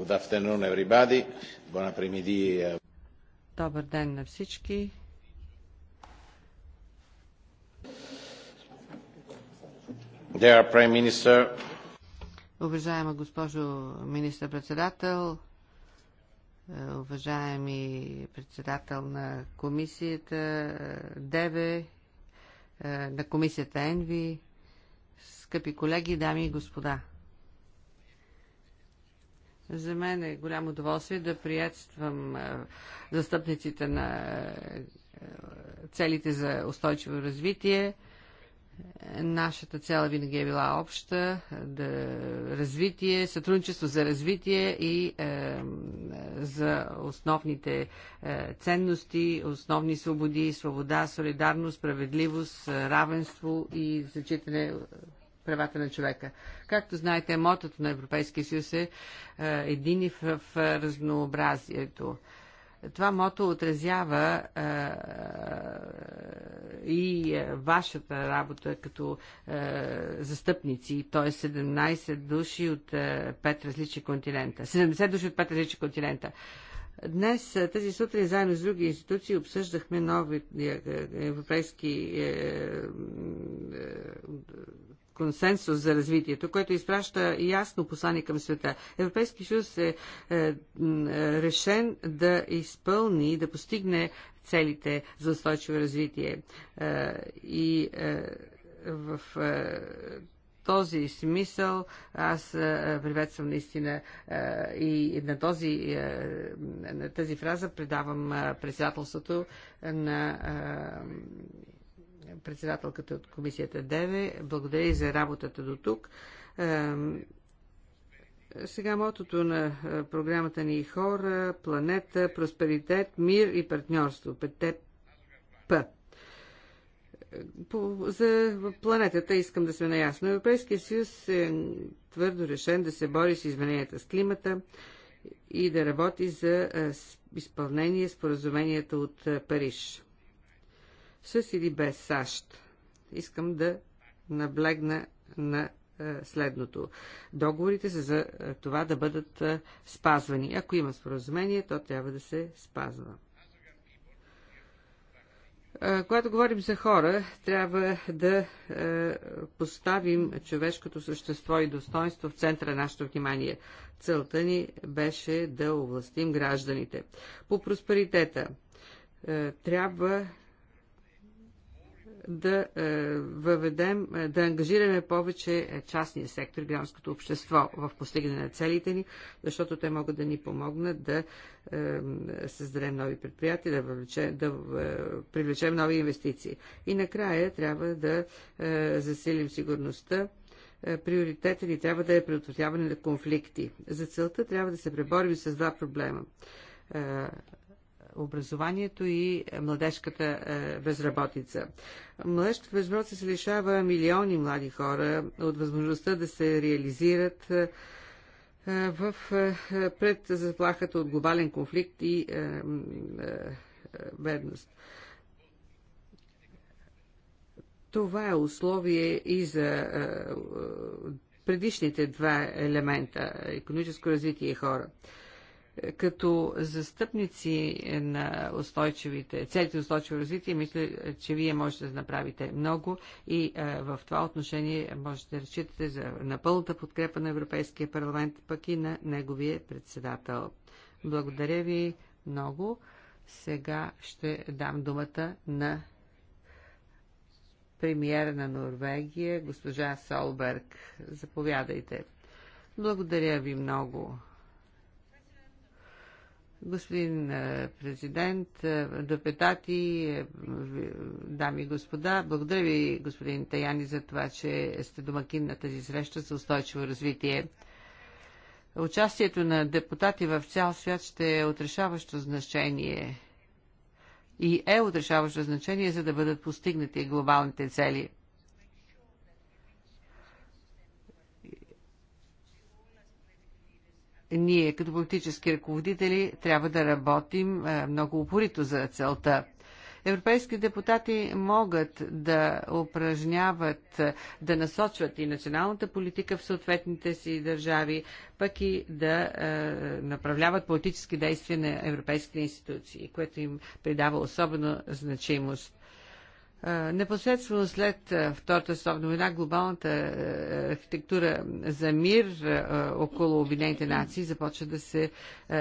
Good afternoon, everybody. Bon eh. Добър ден на всички. Dear Prime Minister. Уважаема госпожо министър-председател, э, уважаеми председател на комисията э, ДЕВЕ, э, на комисията ЕНВИ, скъпи колеги, дами и господа. За мен е голямо удоволствие да приятствам е, застъпниците на е, целите за устойчиво развитие. Нашата цяла винаги е била обща да развитие, сътрудничество за развитие и е, за основните е, ценности, основни свободи, свобода, солидарност, справедливост, равенство и зачитане правата на човека. Както знаете, мотото на Европейския съюз е, е едини в разнообразието. Това мото отразява е, е, и вашата работа като е, застъпници, т.е. 17 души от е, 5 различни континента. 70 души от 5 различни континента. Днес, е, тази сутрин, заедно с други институции, обсъждахме нови европейски е, е, консенсус за развитието, което изпраща ясно послание към света. Европейски съюз е, е, е решен да изпълни и да постигне целите за устойчиво развитие. Е, и е, в е, този смисъл аз е, приветствам наистина и на, този, на тази фраза предавам председателството на председателката от комисията Деве. Благодаря и за работата до тук. Сега мотото на програмата ни е хора, планета, просперитет, мир и партньорство. Петте П. За планетата искам да сме наясно. Европейския съюз е твърдо решен да се бори с измененията с климата и да работи за изпълнение споразуменията от Париж с или без САЩ. Искам да наблегна на е, следното. Договорите са за е, това да бъдат е, спазвани. Ако има споразумение, то трябва да се спазва. Когато говорим за хора, трябва да поставим човешкото същество и достоинство в центъра на нашето внимание. Целта ни беше да областим гражданите. По просперитета трябва да е, въведем, е, да ангажираме повече е, частния сектор, гражданското общество в постигане на целите ни, защото те могат да ни помогнат да създадем нови предприятия, да, въвлече, да привлечем нови инвестиции. И накрая трябва да засилим сигурността приоритетът ни трябва да е предотвратяване на конфликти. За целта трябва да се преборим с два проблема образованието и младежката е, безработица. Младежката безработица се лишава милиони млади хора от възможността да се реализират е, е, в, пред заплахата от глобален конфликт и бедност. Това е условие и за предишните два елемента економическо развитие и хора като застъпници на устойчивите, целите устойчиво развитие, мисля, че вие можете да направите много и а, е, в това отношение можете да разчитате за, на пълната подкрепа на Европейския парламент, пък и на неговия председател. Благодаря ви много. Сега ще дам думата на премиера на Норвегия, госпожа Солберг. Заповядайте. Благодаря ви много Господин е, президент, е, депутати, е, дами и господа, благодаря ви, господин Таяни, за това, че сте домакин на тази среща за устойчиво развитие. Участието на депутати в цял свят ще е отрешаващо значение и е отрешаващо значение, за да бъдат постигнати глобалните цели – ние като политически ръководители трябва да работим е, много упорито за целта. Европейски депутати могат да упражняват, е, да насочват и националната политика в съответните си държави, пък и да е, направляват политически действия на европейските институции, което им придава особено значимост. Непосредствено след Втората световна война глобалната архитектура за мир около Обединените нации започва да се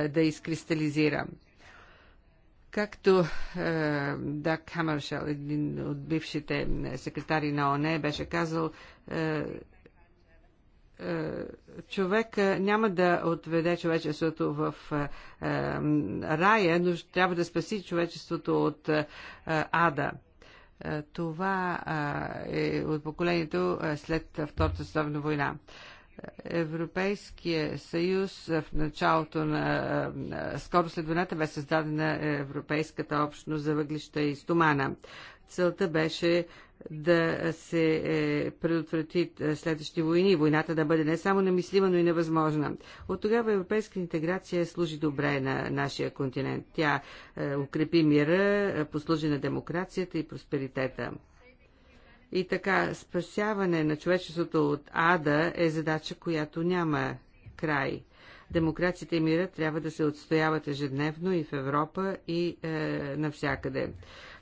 да изкристализира. Както е, Дак Хамършел, един от бившите секретари на ОНЕ, беше казал, е, човек няма да отведе човечеството в рая, но трябва да спаси човечеството от ада. Е, това е от поколението след Втората световна война. Европейския съюз в началото на... Скоро след войната бе създадена Европейската общност за въглища и стомана. Целта беше да се е, предотврати е, следващи войни, войната да бъде не само намислима, но и невъзможна. От тогава европейска интеграция служи добре на нашия континент. Тя е, укрепи мира, е, послужи на демокрацията и просперитета. И така, спасяване на човечеството от ада е задача, която няма край демокрацията и мира трябва да се отстояват ежедневно и в Европа и е, навсякъде.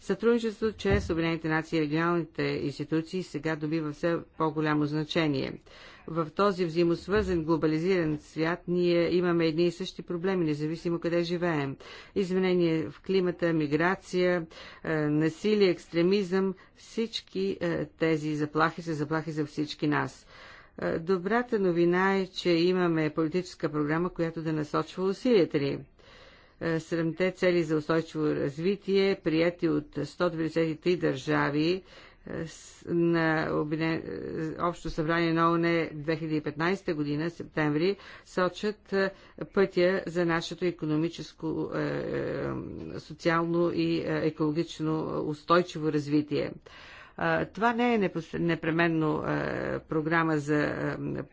Сътрудничеството чрез Обединените нации и регионалните институции сега добива все по-голямо значение. В този взаимосвързан глобализиран свят ние имаме едни и същи проблеми, независимо къде живеем. Изменение в климата, миграция, е, насилие, екстремизъм, всички е, тези заплахи са заплахи за всички нас. Е, добрата новина е, че имаме политическа програма, която да насочва усилията ни. Е, седемте цели за устойчиво развитие, прияти от 193 държави е, на Общо събрание на ОНЕ 2015 година, септември, сочат пътя за нашето економическо, социално и екологично устойчиво развитие. Това не е непременно програма за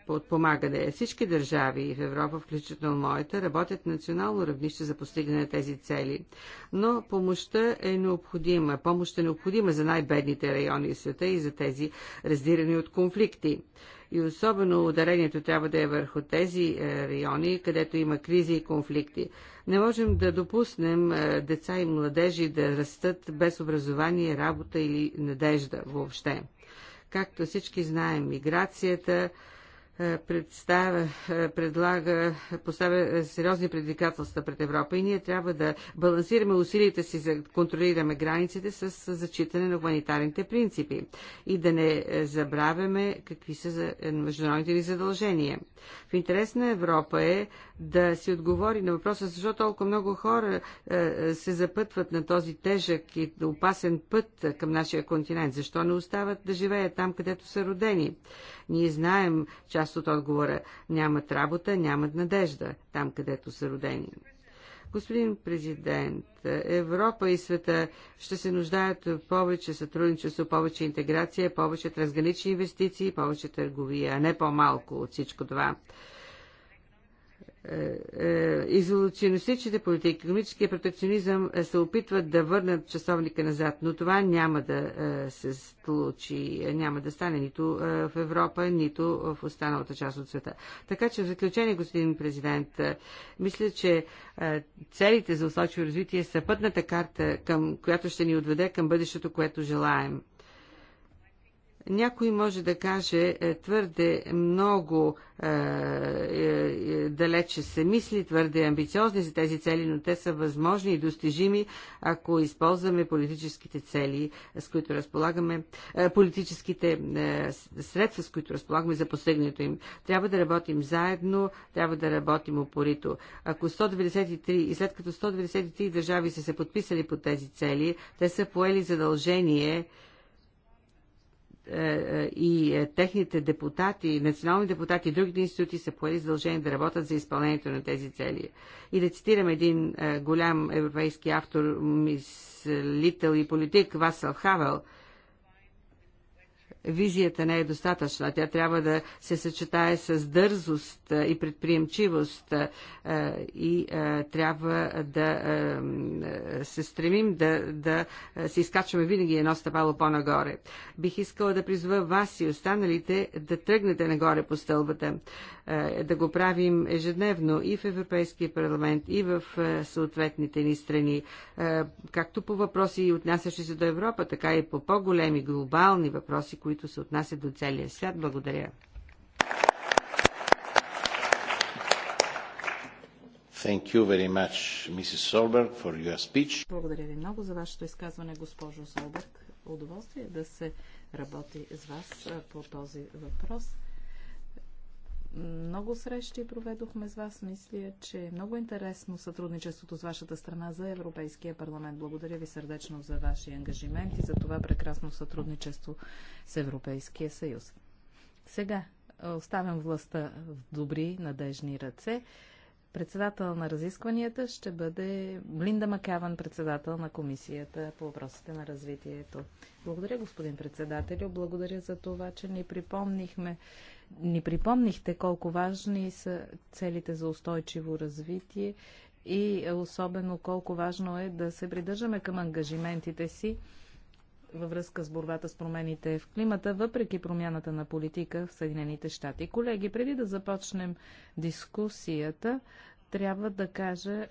подпомагане. Всички държави в Европа, включително моята, работят в национално равнище за постигане на тези цели. Но помощта е необходима. Помощта е необходима за най-бедните райони в света и за тези раздирани от конфликти и особено ударението трябва да е върху тези е, райони, където има кризи и конфликти. Не можем да допуснем е, деца и младежи да растат без образование, работа или надежда въобще. Както всички знаем, миграцията, е, представя, е, предлага, поставя сериозни предизвикателства пред Европа и ние трябва да балансираме усилията си за да контролираме границите с зачитане на гуманитарните принципи и да не е, забравяме какви са международните ни задължения. В интерес на Европа е да си отговори на въпроса защо толкова много хора се запътват на този тежък и опасен път към нашия континент, защо не остават да живеят там, където са родени. Ние знаем част от отговора. Нямат работа, нямат надежда там, където са родени. Господин президент, Европа и света ще се нуждаят повече сътрудничество, повече интеграция, повече трансгранични инвестиции, повече търговия, а не по-малко от всичко това. Е, е, изолационистичните политики, економическия протекционизъм е, се опитват да върнат часовника назад, но това няма да се случи, няма да стане нито в Европа, нито в останалата част от света. Така че в заключение, господин президент, мисля, че целите за устойчиво развитие са пътната карта, към която ще ни отведе към бъдещето, което желаем. Някой може да каже е, твърде много е, е, далече се мисли, твърде амбициозни за тези цели, но те са възможни и достижими, ако използваме политическите цели, с които разполагаме, политическите средства, с които разполагаме за постигането им. Трябва да работим заедно, трябва да работим упорито. Ако 193 и след като 193 държави са се подписали по тези цели, те са поели задължение е, е, и е, техните депутати, национални депутати и другите институти са поели задължение да работят за изпълнението на тези цели. И да цитирам един голям европейски автор, мислител и политик Васел Хавел – визията не е достатъчна. Тя трябва да се съчетае с дързост и предприемчивост и трябва да се стремим да, да се изкачваме винаги едно стъпало по-нагоре. Бих искала да призва вас и останалите да тръгнете нагоре по стълбата, да го правим ежедневно и в Европейския парламент, и в съответните ни страни, както по въпроси, отнасящи се до Европа, така и по по-големи глобални въпроси, които които се отнасят до целия свят. Благодаря. Thank you very much, Mrs. Solberg, for your speech. Благодаря ви много за вашето изказване, госпожо Солберг. Удоволствие е да се работи с вас по този въпрос. Много срещи проведохме с вас. Мисля, че е много интересно сътрудничеството с вашата страна за Европейския парламент. Благодаря ви сърдечно за вашия ангажимент и за това прекрасно сътрудничество с Европейския съюз. Сега оставям властта в добри, надежни ръце. Председател на разискванията ще бъде Линда Макаван, председател на комисията по въпросите на развитието. Благодаря, господин председателю. Благодаря за това, че ни припомнихме ни припомнихте колко важни са целите за устойчиво развитие и особено колко важно е да се придържаме към ангажиментите си във връзка с борбата с промените в климата, въпреки промяната на политика в Съединените щати. Колеги, преди да започнем дискусията, трябва да кажа,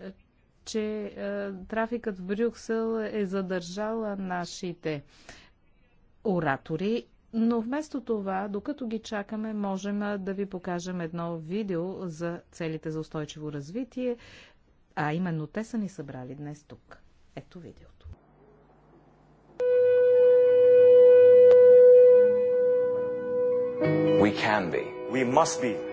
че е, трафикът в Брюксел е задържала нашите оратори но вместо това, докато ги чакаме, можем да ви покажем едно видео за целите за устойчиво развитие, а именно те са ни събрали днес тук. Ето видеото. We can be. We must be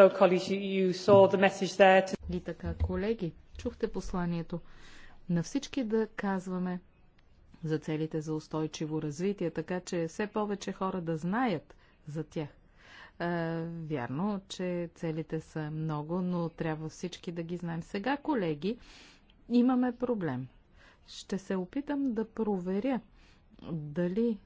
So, you saw the message there to... И така, колеги, чухте посланието. На всички да казваме за целите за устойчиво развитие, така че все повече хора да знаят за тях. Вярно, че целите са много, но трябва всички да ги знаем. Сега, колеги, имаме проблем. Ще се опитам да проверя дали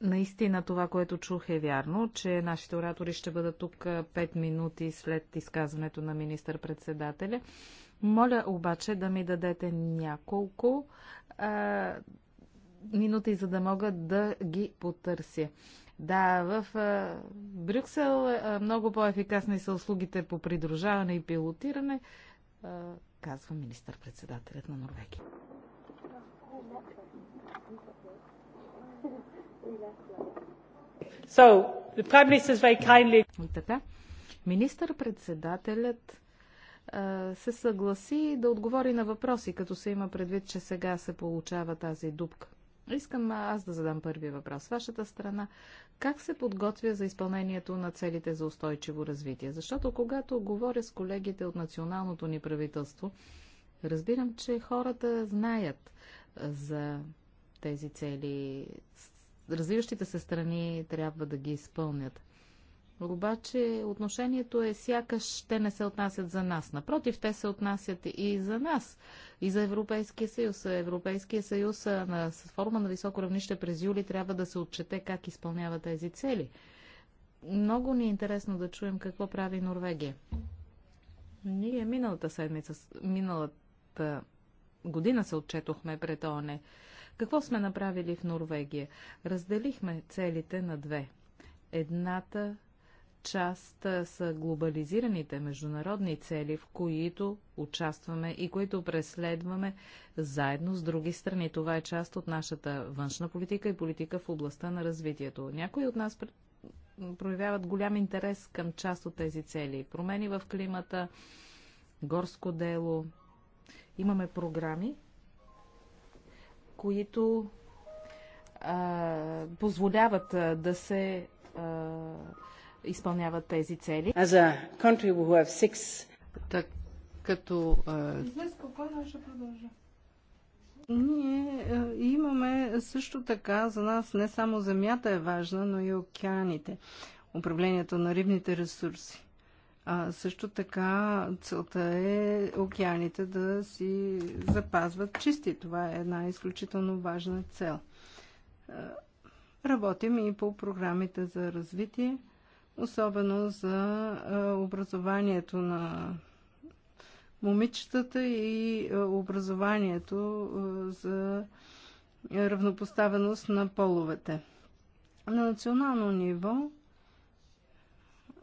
Наистина това, което чух е вярно, че нашите оратори ще бъдат тук 5 минути след изказването на министър-председателя. Моля обаче да ми дадете няколко а, минути, за да мога да ги потърся. Да, в а, Брюксел а, много по-ефикасни са услугите по придружаване и пилотиране, а, казва министър-председателят на Норвегия. So, the Prime Minister is very kindly... И така, министър-председателят се съгласи да отговори на въпроси, като се има предвид, че сега се получава тази дупка. Искам аз да задам първи въпрос. Вашата страна как се подготвя за изпълнението на целите за устойчиво развитие? Защото когато говоря с колегите от националното ни правителство, разбирам, че хората знаят за тези цели развиващите се страни трябва да ги изпълнят. Обаче отношението е сякаш те не се отнасят за нас. Напротив, те се отнасят и за нас, и за Европейския съюз. Европейския съюз на форма на високо равнище през юли трябва да се отчете как изпълнява тези цели. Много ни е интересно да чуем какво прави Норвегия. Ние миналата седмица, миналата година се отчетохме пред ОНЕ. Какво сме направили в Норвегия? Разделихме целите на две. Едната част са глобализираните международни цели, в които участваме и които преследваме заедно с други страни. Това е част от нашата външна политика и политика в областта на развитието. Някои от нас проявяват голям интерес към част от тези цели. Промени в климата, горско дело. Имаме програми, които а, позволяват а, да се а, изпълняват тези цели. As a country we have six... Так, като... А... Ние имаме също така, за нас не само земята е важна, но и океаните, управлението на рибните ресурси. А, също така целта е океаните да си запазват чисти. Това е една изключително важна цел. Работим и по програмите за развитие, особено за образованието на момичетата и образованието за равнопоставеност на половете. На национално ниво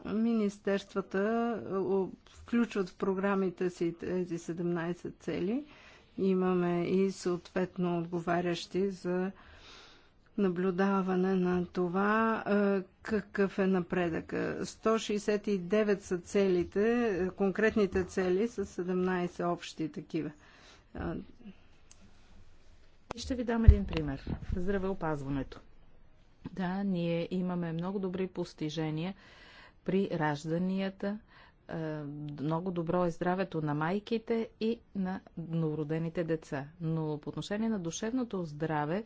министерствата е, включват в програмите си тези 17 цели. Имаме и съответно отговарящи за наблюдаване на това е, какъв е напредък. 169 са целите, е, конкретните цели са 17 общи такива. Ще ви дам един пример. Здравеопазването. Да, ние имаме много добри постижения при ражданията. Много добро е здравето на майките и на новородените деца. Но по отношение на душевното здраве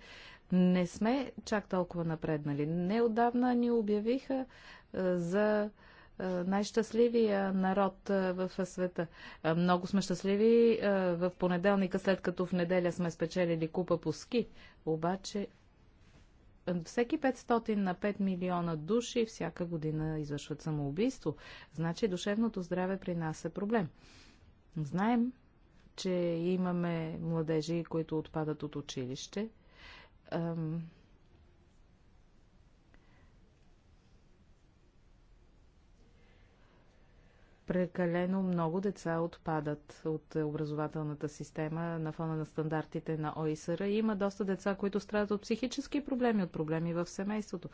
не сме чак толкова напреднали. Неодавна ни обявиха за най-щастливия народ в света. Много сме щастливи в понеделника, след като в неделя сме спечелили купа по ски. Обаче всеки 500 на 5 милиона души всяка година извършват самоубийство. Значи душевното здраве при нас е проблем. Знаем, че имаме младежи, които отпадат от училище. прекалено много деца отпадат от образователната система на фона на стандартите на ОИСР. Има доста деца, които страдат от психически проблеми, от проблеми в семейството.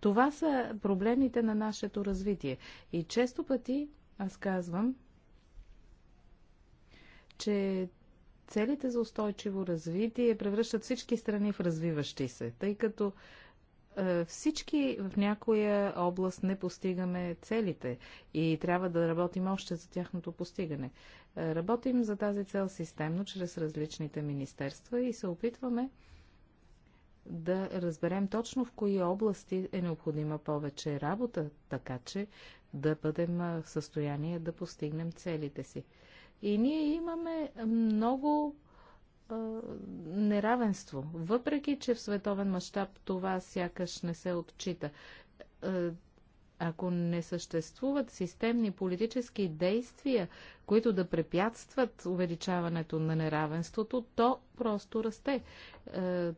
Това са проблемите на нашето развитие. И често пъти аз казвам, че целите за устойчиво развитие превръщат всички страни в развиващи се, тъй като е, всички в някоя област не постигаме целите и трябва да работим още за тяхното постигане. Е, работим за тази цел системно чрез различните министерства и се опитваме да разберем точно в кои области е необходима повече работа, така че да бъдем е, в състояние да постигнем целите си. И ние имаме много неравенство, въпреки че в световен мащаб това сякаш не се отчита. Ако не съществуват системни политически действия, които да препятстват увеличаването на неравенството, то просто расте.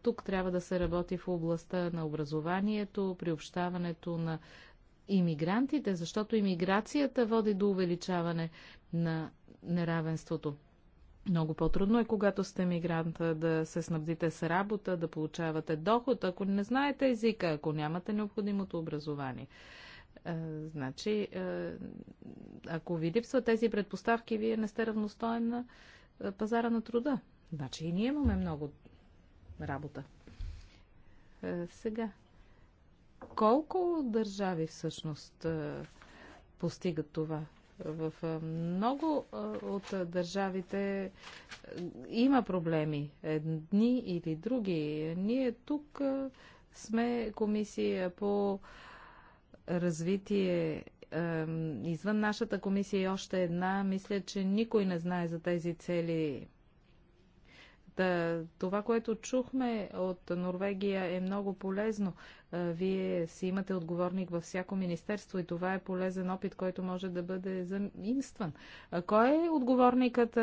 Тук трябва да се работи в областта на образованието, приобщаването на иммигрантите, защото иммиграцията води до увеличаване на неравенството. Много по-трудно е, когато сте мигрант, да се снабдите с работа, да получавате доход, ако не знаете езика, ако нямате необходимото образование. Е, значи, е, ако ви липсват тези предпоставки, вие не сте равностоен на пазара на труда. Значи и ние имаме много работа. Е, сега, колко държави всъщност постигат това? В много от държавите има проблеми, едни или други. Ние тук сме комисия по развитие извън нашата комисия и още една, мисля, че никой не знае за тези цели. това, което чухме от Норвегия е много полезно. Вие си имате отговорник във всяко министерство и това е полезен опит, който може да бъде заимстван. Кой е отговорникът?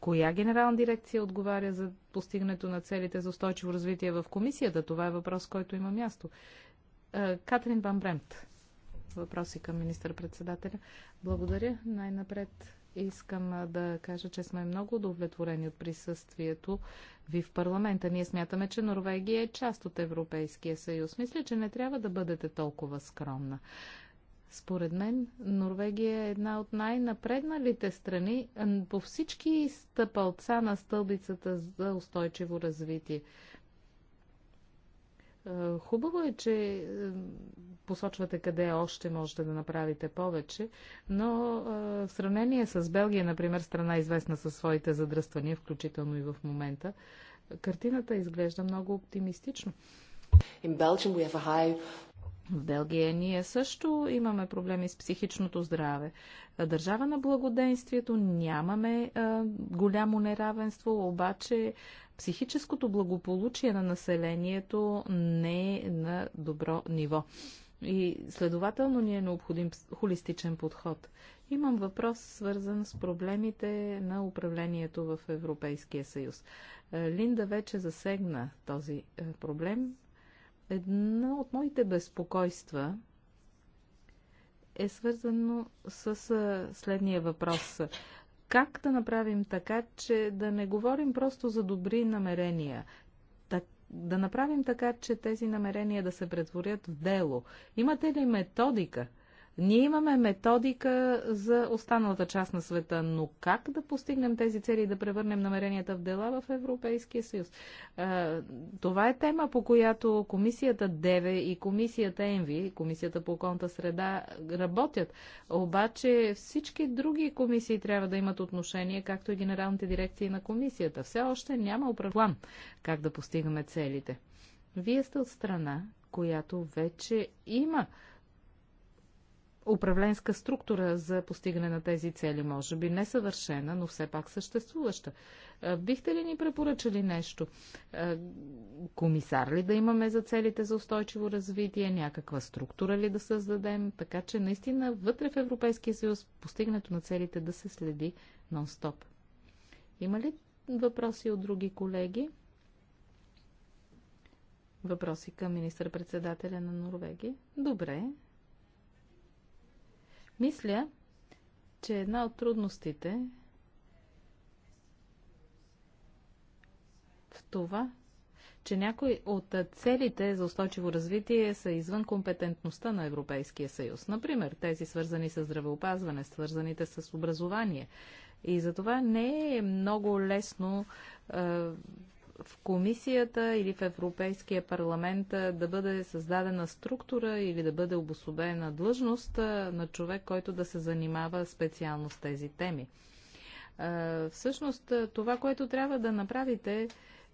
Коя генерална дирекция отговаря за постигането на целите за устойчиво развитие в комисията? Това е въпрос, който има място. Катрин Бамбремт. Въпроси към министър-председателя. Благодаря. Най-напред Искам да кажа, че сме много удовлетворени от присъствието ви в парламента. Ние смятаме, че Норвегия е част от Европейския съюз. Мисля, че не трябва да бъдете толкова скромна. Според мен, Норвегия е една от най-напредналите страни по всички стъпалца на стълбицата за устойчиво развитие. Е, хубаво е, че е, посочвате къде още можете да направите повече, но е, в сравнение с Белгия, например, страна известна със своите задръствания, включително и в момента, картината изглежда много оптимистично. High... В Белгия ние също имаме проблеми с психичното здраве. Държава на благоденствието нямаме а, голямо неравенство, обаче психическото благополучие на населението не е на добро ниво. И следователно ни е необходим холистичен подход. Имам въпрос, свързан с проблемите на управлението в Европейския съюз. Линда вече засегна този е, проблем. Едно от моите безпокойства е свързано с следния въпрос. Как да направим така, че да не говорим просто за добри намерения, да направим така, че тези намерения да се претворят в дело? Имате ли методика ние имаме методика за останалата част на света, но как да постигнем тези цели и да превърнем намеренията в дела в Европейския съюз? Това е тема, по която комисията ДЕВЕ и комисията ЕНВИ, комисията по околната среда, работят. Обаче всички други комисии трябва да имат отношение, както и генералните дирекции на комисията. Все още няма план как да постигаме целите. Вие сте от страна, която вече има управленска структура за постигане на тези цели, може би несъвършена, но все пак съществуваща. Бихте ли ни препоръчали нещо? Комисар ли да имаме за целите за устойчиво развитие? Някаква структура ли да създадем? Така че наистина вътре в Европейския съюз постигането на целите да се следи нон-стоп. Има ли въпроси от други колеги? Въпроси към министър-председателя на Норвегия? Добре, мисля, че една от трудностите в това, че някои от целите за устойчиво развитие са извън компетентността на Европейския съюз. Например, тези свързани с здравеопазване, свързаните с образование. И за това не е много лесно е, в комисията или в Европейския парламент да бъде създадена структура или да бъде обособена длъжност на човек, който да се занимава специално с тези теми. Всъщност, това, което трябва да направите,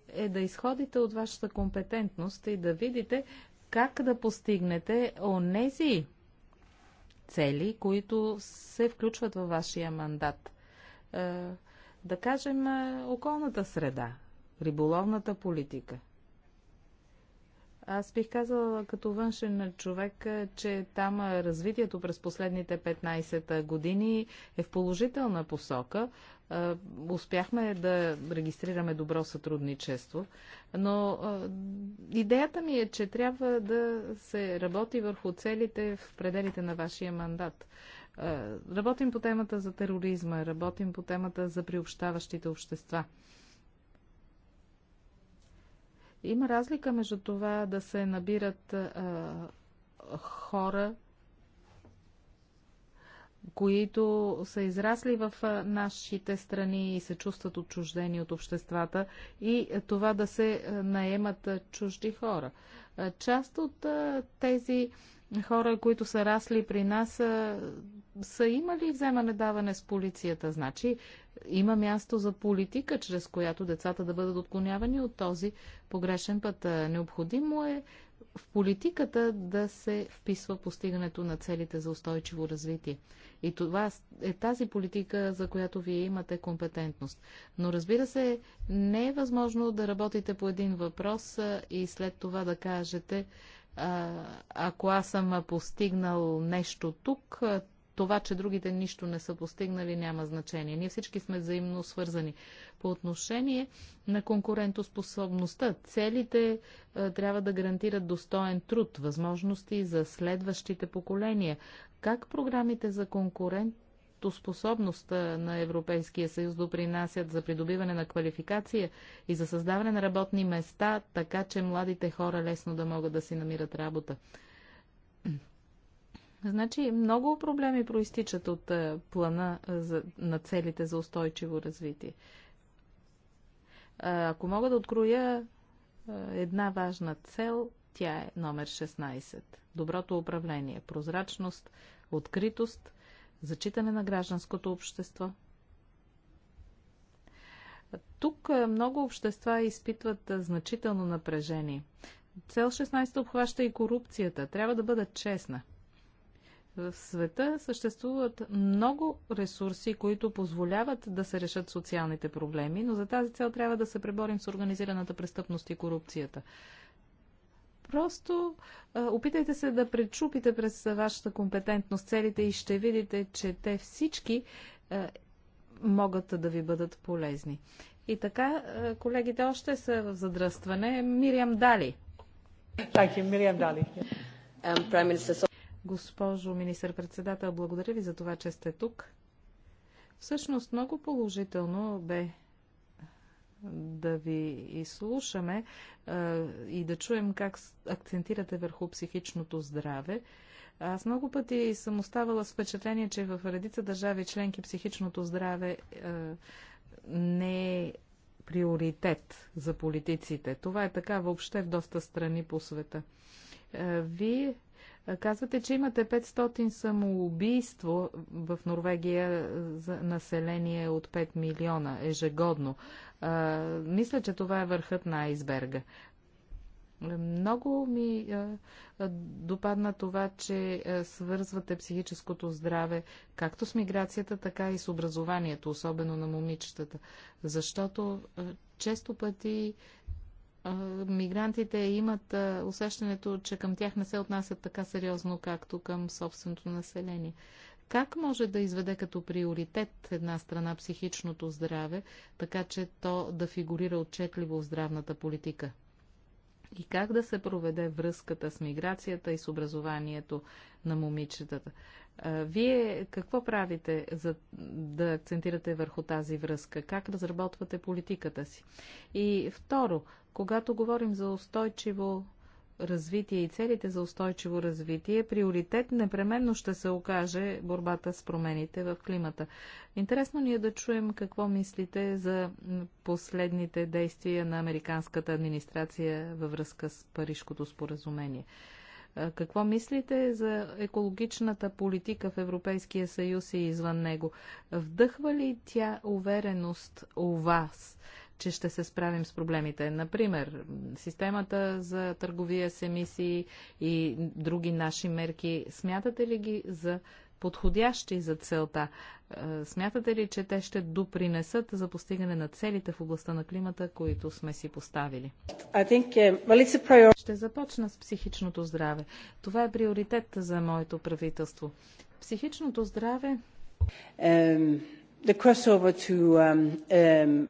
е да изходите от вашата компетентност и да видите как да постигнете онези цели, които се включват във вашия мандат. Да кажем, околната среда риболовната политика. Аз бих казала като външен човек, че там развитието през последните 15 години е в положителна посока. Успяхме да регистрираме добро сътрудничество, но идеята ми е, че трябва да се работи върху целите в пределите на вашия мандат. Работим по темата за тероризма, работим по темата за приобщаващите общества. Има разлика между това да се набират а, хора, които са израсли в нашите страни и се чувстват отчуждени от обществата и това да се наемат чужди хора. Част от тези хора, които са расли при нас, са, са имали вземане-даване с полицията. Значи има място за политика, чрез която децата да бъдат отклонявани от този погрешен път. Необходимо е в политиката да се вписва постигането на целите за устойчиво развитие. И това е тази политика, за която вие имате компетентност. Но разбира се, не е възможно да работите по един въпрос и след това да кажете, ако аз съм постигнал нещо тук, това, че другите нищо не са постигнали, няма значение. Ние всички сме взаимно свързани. По отношение на конкурентоспособността, целите трябва да гарантират достоен труд, възможности за следващите поколения. Как програмите за конкурент конкурентоспособността на Европейския съюз допринасят за придобиване на квалификация и за създаване на работни места, така че младите хора лесно да могат да си намират работа. Значи много проблеми проистичат от е, плана е, за, на целите за устойчиво развитие. Е, ако мога да откроя една важна цел, тя е номер 16. Доброто управление, прозрачност, откритост зачитане на гражданското общество. Тук е, много общества изпитват е, значително напрежение. Цел 16 обхваща и корупцията. Трябва да бъда честна. В света съществуват много ресурси, които позволяват да се решат социалните проблеми, но за тази цел трябва да се преборим с организираната престъпност и корупцията. Просто а, опитайте се да пречупите през вашата компетентност целите и ще видите, че те всички а, могат да ви бъдат полезни. И така, а, колегите още са в задръстване. Мириам Дали. Мириам Дали. Um, Госпожо министър-председател, благодаря ви за това, че сте тук. Всъщност много положително бе да ви изслушаме и да чуем как акцентирате върху психичното здраве. Аз много пъти съм оставала с впечатление, че в редица държави членки психичното здраве не е приоритет за политиците. Това е така въобще в доста страни по света. вие Казвате, че имате 500 самоубийство в Норвегия за население от 5 милиона ежегодно. Мисля, че това е върхът на айсберга. Много ми допадна това, че свързвате психическото здраве както с миграцията, така и с образованието, особено на момичетата. Защото често пъти мигрантите имат усещането, че към тях не се отнасят така сериозно, както към собственото население. Как може да изведе като приоритет една страна психичното здраве, така че то да фигурира отчетливо в здравната политика? и как да се проведе връзката с миграцията и с образованието на момичетата. Вие какво правите за да акцентирате върху тази връзка? Как разработвате политиката си? И второ, когато говорим за устойчиво развитие и целите за устойчиво развитие, приоритет непременно ще се окаже борбата с промените в климата. Интересно ни е да чуем какво мислите за последните действия на американската администрация във връзка с Парижкото споразумение. Какво мислите за екологичната политика в Европейския съюз и извън него? Вдъхва ли тя увереност у вас? че ще се справим с проблемите. Например, системата за търговия с емисии и други наши мерки, смятате ли ги за подходящи за целта? Е, смятате ли, че те ще допринесат за постигане на целите в областта на климата, които сме си поставили? Think, well, ще започна с психичното здраве. Това е приоритет за моето правителство. Психичното здраве. Um, to, um, um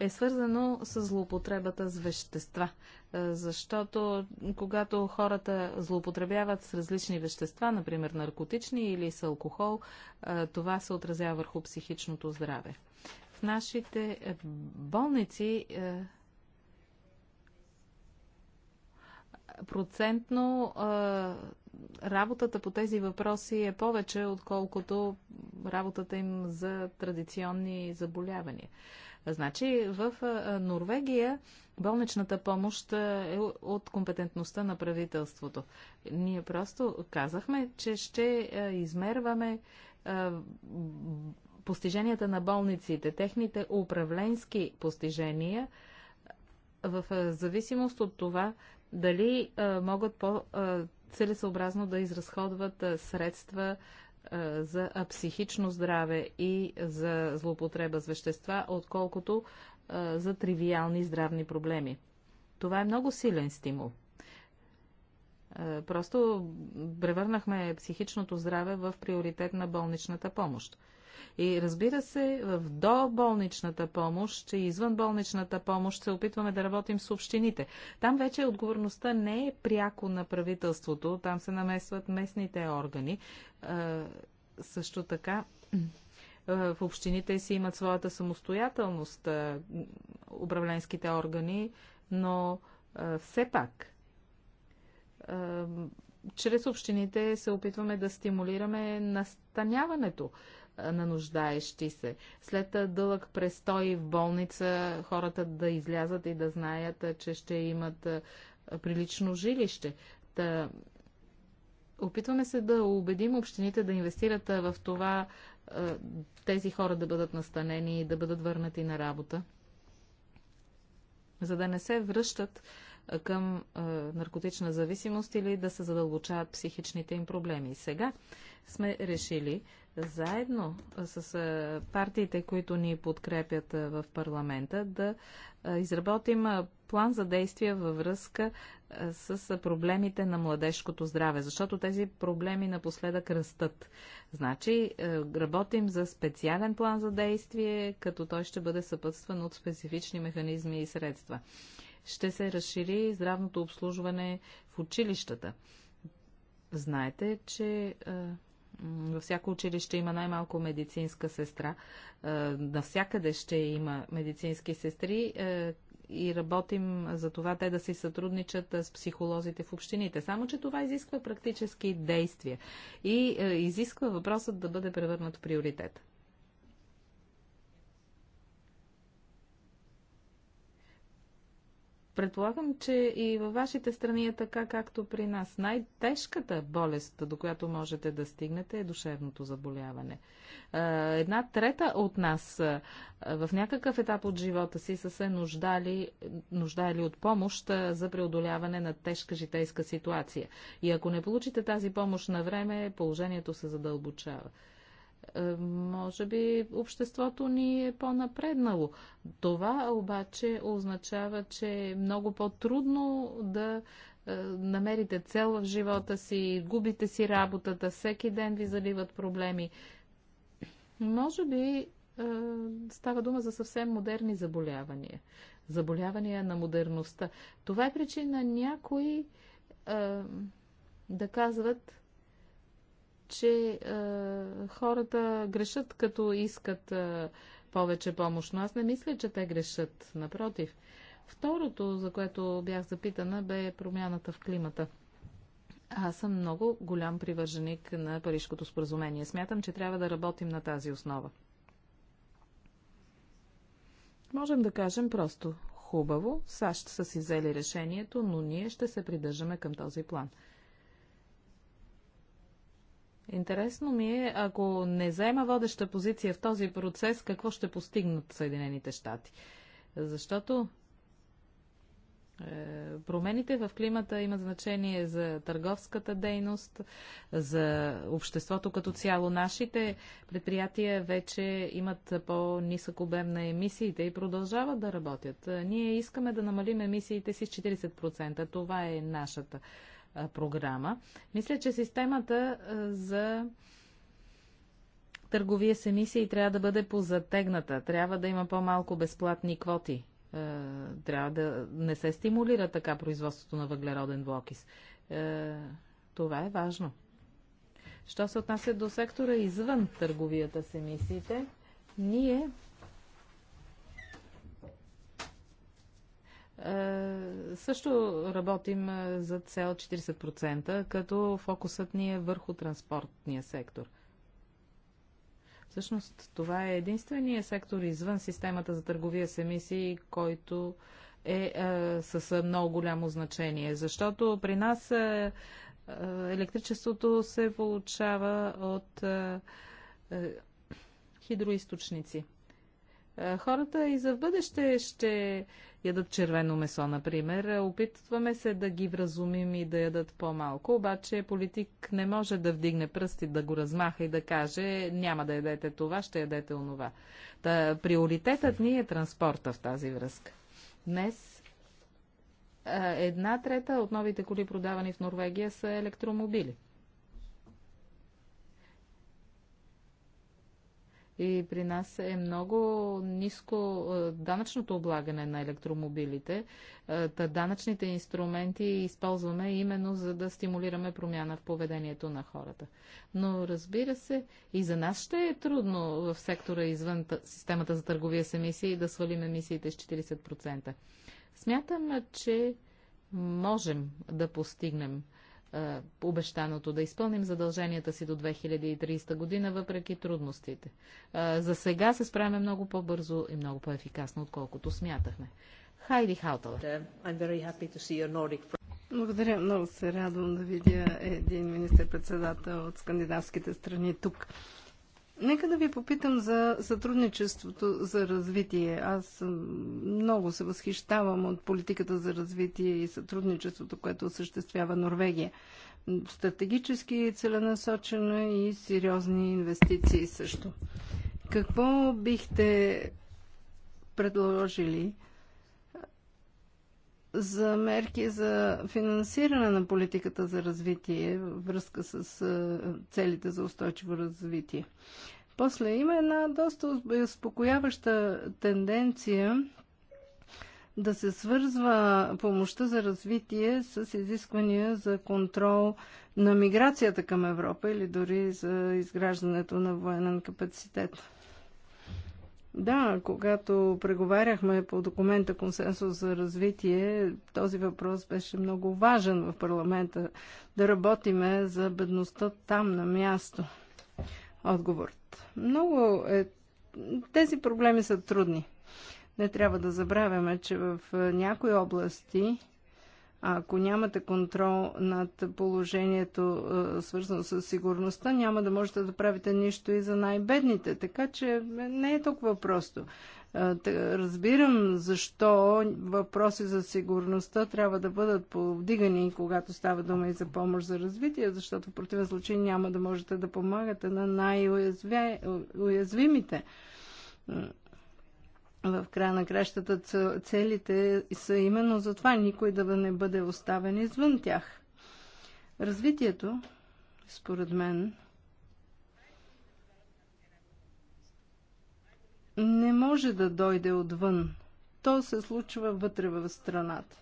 е свързано с злоупотребата с вещества. Е, защото когато хората злоупотребяват с различни вещества, например наркотични или с алкохол, е, това се отразява върху психичното здраве. В нашите болници е, процентно работата по тези въпроси е повече, отколкото работата им за традиционни заболявания. Значи в Норвегия болничната помощ е от компетентността на правителството. Ние просто казахме, че ще измерваме постиженията на болниците, техните управленски постижения в зависимост от това дали могат по-целесообразно да изразходват средства е, за психично здраве и за злоупотреба с вещества, отколкото е, за тривиални здравни проблеми. Това е много силен стимул. Е, просто превърнахме психичното здраве в приоритет на болничната помощ. И разбира се, в доболничната помощ и извънболничната помощ се опитваме да работим с общините. Там вече отговорността не е пряко на правителството, там се намесват местните органи. А, също така в общините си имат своята самостоятелност управленските органи, но все пак чрез общините се опитваме да стимулираме настаняването на нуждаещи се. След дълъг престой в болница, хората да излязат и да знаят, че ще имат прилично жилище. Та, опитваме се да убедим общините да инвестират в това тези хора да бъдат настанени и да бъдат върнати на работа, за да не се връщат към а, наркотична зависимост или да се задълбочават психичните им проблеми. Сега сме решили заедно с партиите, които ни подкрепят в парламента, да изработим план за действие във връзка с проблемите на младежкото здраве, защото тези проблеми напоследък растат. Значи, работим за специален план за действие, като той ще бъде съпътстван от специфични механизми и средства. Ще се разшири здравното обслужване в училищата. Знаете, че във всяко училище има най-малко медицинска сестра. Е, навсякъде ще има медицински сестри е, и работим за това те да си сътрудничат е, с психолозите в общините. Само, че това изисква практически действия и изисква въпросът да бъде превърнат в приоритет. Предполагам, че и във вашите страни е така, както при нас. Най-тежката болест, до която можете да стигнете, е душевното заболяване. Една трета от нас в някакъв етап от живота си са се нуждали, нуждали от помощ за преодоляване на тежка житейска ситуация. И ако не получите тази помощ на време, положението се задълбочава. Е, може би обществото ни е по-напреднало. Това обаче означава, че е много по-трудно да е, намерите цел в живота си, губите си работата, всеки ден ви заливат проблеми. Може би е, става дума за съвсем модерни заболявания. Заболявания на модерността. Това е причина някои да казват, че е, хората грешат, като искат е, повече помощ, но аз не мисля, че те грешат. Напротив. Второто, за което бях запитана, бе промяната в климата. Аз съм много голям привърженик на Парижското споразумение. Смятам, че трябва да работим на тази основа. Можем да кажем просто хубаво, САЩ са си взели решението, но ние ще се придържаме към този план – Интересно ми е, ако не заема водеща позиция в този процес, какво ще постигнат Съединените щати? Защото е, Промените в климата имат значение за търговската дейност, за обществото като цяло. Нашите предприятия вече имат по-нисък обем на емисиите и продължават да работят. Ние искаме да намалим емисиите си с 40%. Това е нашата програма. Мисля, че системата за търговия с емисии трябва да бъде позатегната. Трябва да има по-малко безплатни квоти. Трябва да не се стимулира така производството на въглероден двуокис. Това е важно. Що се отнася до сектора извън търговията с емисиите, ние Е, също работим е, за цел 40%, като фокусът ни е върху транспортния сектор. Всъщност това е единствения сектор извън системата за търговия с емисии, който е, е с много голямо значение, защото при нас е, е електричеството се получава от е, е, хидроизточници. Е, хората и за бъдеще ще ядат червено месо, например. Е, опитваме се да ги вразумим и да ядат по-малко, обаче политик не може да вдигне пръсти, да го размаха и да каже няма да ядете това, ще ядете онова. Та, приоритетът ни е транспорта в тази връзка. Днес е, една трета от новите коли продавани в Норвегия са електромобили. и при нас е много ниско е, данъчното облагане на електромобилите. Е, та данъчните инструменти използваме именно за да стимулираме промяна в поведението на хората. Но разбира се, и за нас ще е трудно в сектора извън системата за търговия с емисии да свалим емисиите с 40%. Смятам, че можем да постигнем е, обещаното да изпълним задълженията си до 2030 година, въпреки трудностите. Е, за сега се справяме много по-бързо и много по-ефикасно, отколкото смятахме. Хайди Хаутала. Uh, Благодаря. Много се радвам да видя един министр-председател от скандинавските страни тук. Нека да ви попитам за сътрудничеството за развитие. Аз много се възхищавам от политиката за развитие и сътрудничеството, което осъществява Норвегия. Стратегически целенасочена и сериозни инвестиции също. Какво бихте предложили? за мерки за финансиране на политиката за развитие във връзка с целите за устойчиво развитие. После има една доста успокояваща тенденция да се свързва помощта за развитие с изисквания за контрол на миграцията към Европа или дори за изграждането на военен капацитет. Да, когато преговаряхме по документа Консенсус за развитие, този въпрос беше много важен в парламента. Да работиме за бедността там на място. Отговор, Много е... Тези проблеми са трудни. Не трябва да забравяме, че в някои области ако нямате контрол над положението, свързано с сигурността, няма да можете да правите нищо и за най-бедните. Така че не е толкова просто. Разбирам защо въпроси за сигурността трябва да бъдат повдигани, когато става дума и за помощ за развитие, защото в противен случай няма да можете да помагате на най-уязвимите. -уязви в края на кращата целите са именно за това никой да не бъде оставен извън тях. Развитието, според мен, не може да дойде отвън. То се случва вътре в страната.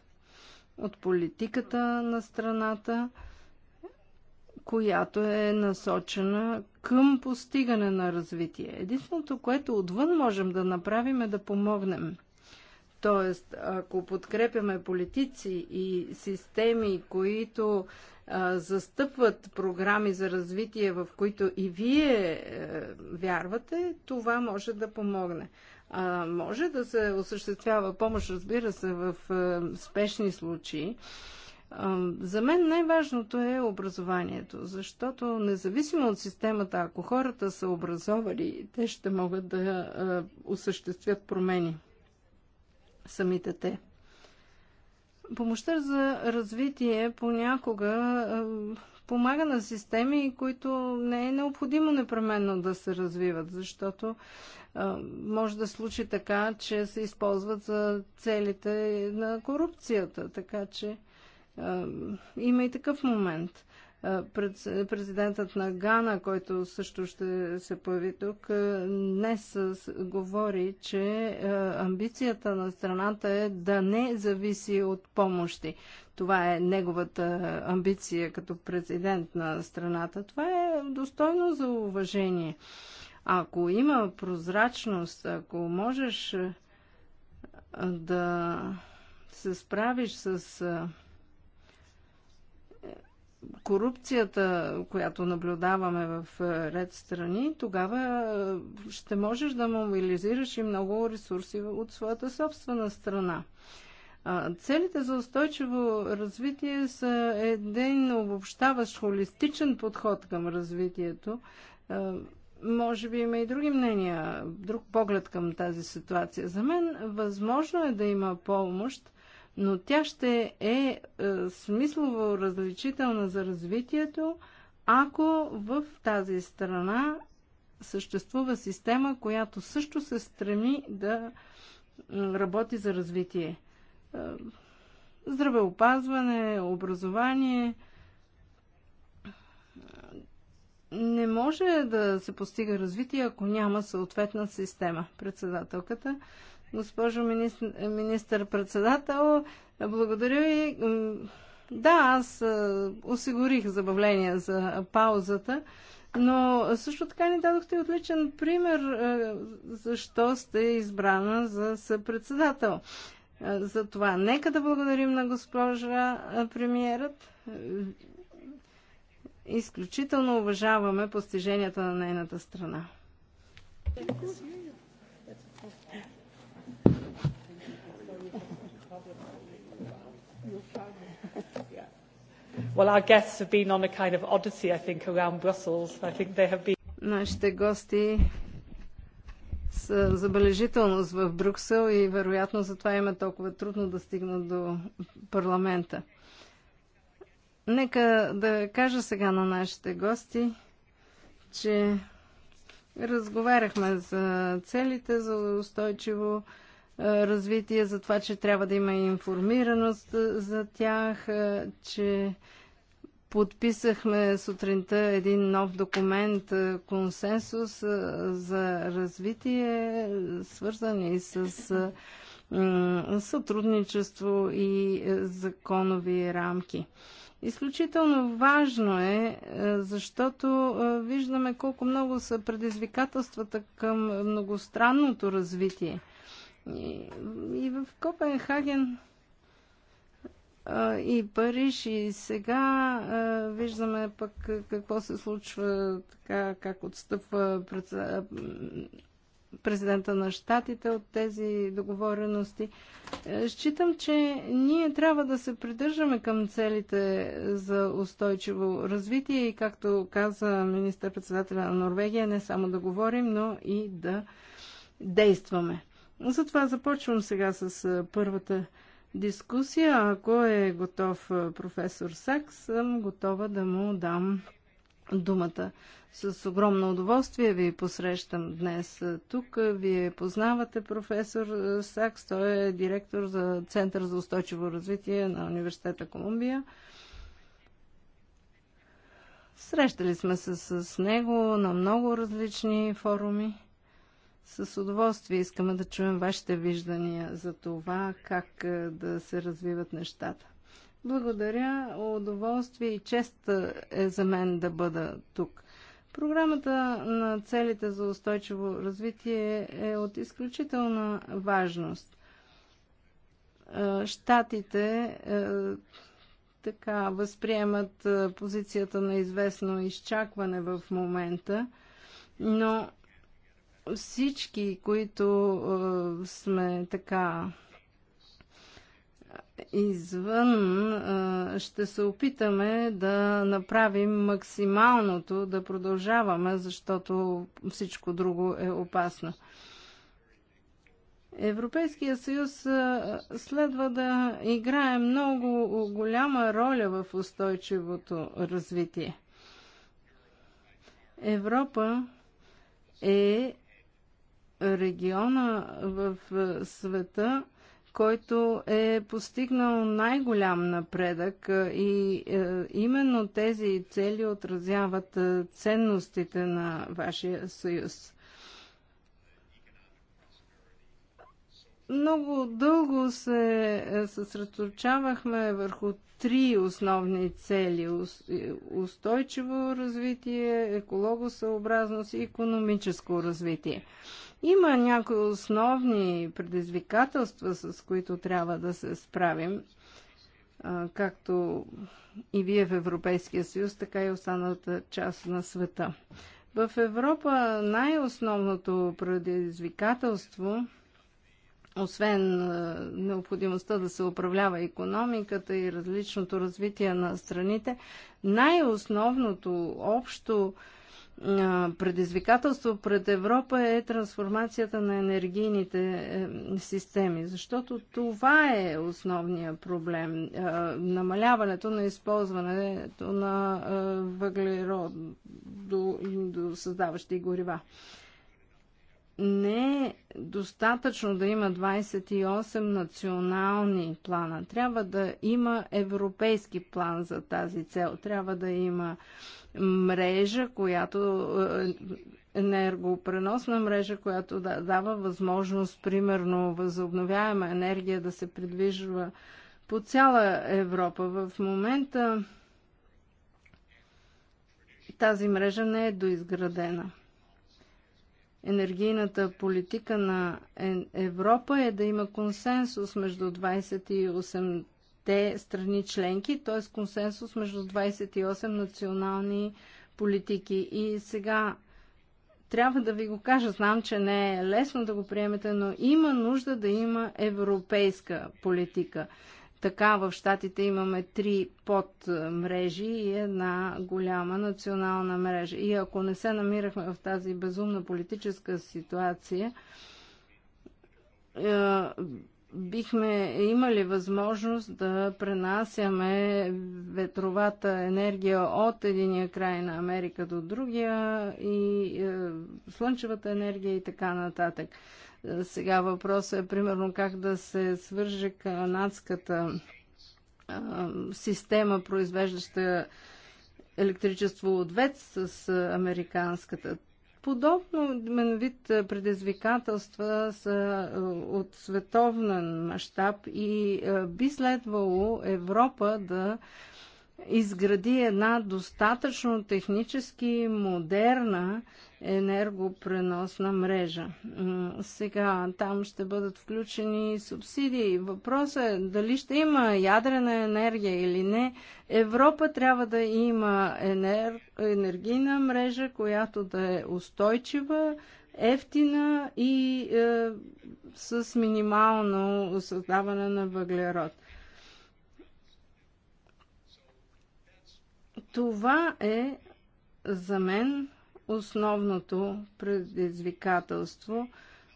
От политиката на страната – която е насочена към постигане на развитие. Единственото, което отвън можем да направим е да помогнем. Тоест, ако подкрепяме политици и системи, които а, застъпват програми за развитие, в които и вие е, вярвате, това може да помогне. А, може да се осъществява помощ, разбира се, в е, спешни случаи. За мен най-важното е образованието, защото независимо от системата, ако хората са образовали, те ще могат да осъществят промени самите те. Помощта за развитие понякога помага на системи, които не е необходимо непременно да се развиват, защото може да случи така, че се използват за целите на корупцията. Така че има и такъв момент. Президентът на Гана, който също ще се появи тук, днес говори, че амбицията на страната е да не зависи от помощи. Това е неговата амбиция като президент на страната. Това е достойно за уважение. Ако има прозрачност, ако можеш да се справиш с корупцията, която наблюдаваме в е, ред страни, тогава е, ще можеш да мобилизираш и много ресурси от своята собствена страна. Целите за устойчиво развитие са един обобщаващ холистичен подход към развитието. Може би има и други мнения, друг поглед към тази ситуация. За мен възможно е да има помощ, но тя ще е, е смислово различителна за развитието, ако в тази страна съществува система, която също се стреми да работи за развитие. Е, здравеопазване, образование. Е, не може да се постига развитие, ако няма съответна система. Председателката, Госпожо министър-председател, благодаря ви. Да, аз осигурих забавление за паузата, но също така ни дадохте отличен пример защо сте избрана за съпредседател. За това нека да благодарим на госпожа премиерът. Изключително уважаваме постиженията на нейната страна. Well, our guests have been on a kind of odyssey, I think, around Brussels. I think they have been... Нашите гости са забележителност в Брюксел и вероятно затова има е толкова трудно да стигнат до парламента. Нека да кажа сега на нашите гости, че разговаряхме за целите за устойчиво е, развитие, за това, че трябва да има информираност е, за тях, е, че подписахме сутринта един нов документ консенсус за развитие, свързан и с сътрудничество и законови рамки. Изключително важно е, защото виждаме колко много са предизвикателствата към многостранното развитие – и в Копенхаген и Париж и сега виждаме пък какво се случва, така как отстъпва президента на щатите от тези договорености. Считам, че ние трябва да се придържаме към целите за устойчиво развитие и, както каза министър-председателя на Норвегия, не само да говорим, но и да действаме. Затова започвам сега с първата дискусия. Ако е готов професор Сакс, съм готова да му дам думата. С огромно удоволствие ви посрещам днес тук. Вие познавате професор Сакс. Той е директор за Център за устойчиво развитие на Университета Колумбия. Срещали сме се с него на много различни форуми. С удоволствие искаме да чуем вашите виждания за това как да се развиват нещата. Благодаря. Удоволствие и чест е за мен да бъда тук. Програмата на целите за устойчиво развитие е от изключителна важност. Штатите така възприемат позицията на известно изчакване в момента, но всички, които сме така извън, ще се опитаме да направим максималното, да продължаваме, защото всичко друго е опасно. Европейския съюз следва да играе много голяма роля в устойчивото развитие. Европа е региона в света, който е постигнал най-голям напредък и е, именно тези цели отразяват ценностите на вашия съюз. Много дълго се е, съсредоточавахме върху три основни цели е, устойчиво развитие, екологосъобразност и економическо развитие. Има някои основни предизвикателства, с които трябва да се справим, както и вие в Европейския съюз, така и останалата част на света. В Европа най-основното предизвикателство, освен необходимостта да се управлява економиката и различното развитие на страните, най-основното общо предизвикателство пред Европа е трансформацията на енергийните е, системи, защото това е основният проблем. Намаляването на използването на въглерод до, до създаващи горива. Не е достатъчно да има 28 национални плана. Трябва да има европейски план за тази цел. Трябва да има а, мрежа, която е, енергопреносна мрежа, която да, дава възможност, примерно, възобновяема енергия да се придвижва по цяла Европа. В момента тази мрежа не е доизградена. Енергийната политика на Европа е да има консенсус между 28 те страни членки, т.е. консенсус между 28 национални политики. И сега трябва да ви го кажа, знам, че не е лесно да го приемете, но има нужда да има европейска политика. Така в Штатите имаме три подмрежи и една голяма национална мрежа. И ако не се намирахме в тази безумна политическа ситуация, е, бихме имали възможност да пренасяме ветровата енергия от единия край на Америка до другия и е, слънчевата енергия и така нататък. Е, сега въпросът е примерно как да се свърже канадската е, система, произвеждаща електричество от ВЕЦ с е, американската. Подобно вид предизвикателства са от световен мащаб и би следвало Европа да изгради една достатъчно технически модерна енергопреносна мрежа. Сега там ще бъдат включени субсидии. Въпросът е дали ще има ядрена енергия или не. Европа трябва да има енер... енергийна мрежа, която да е устойчива, ефтина и е, с минимално създаване на въглерод. Това е за мен основното предизвикателство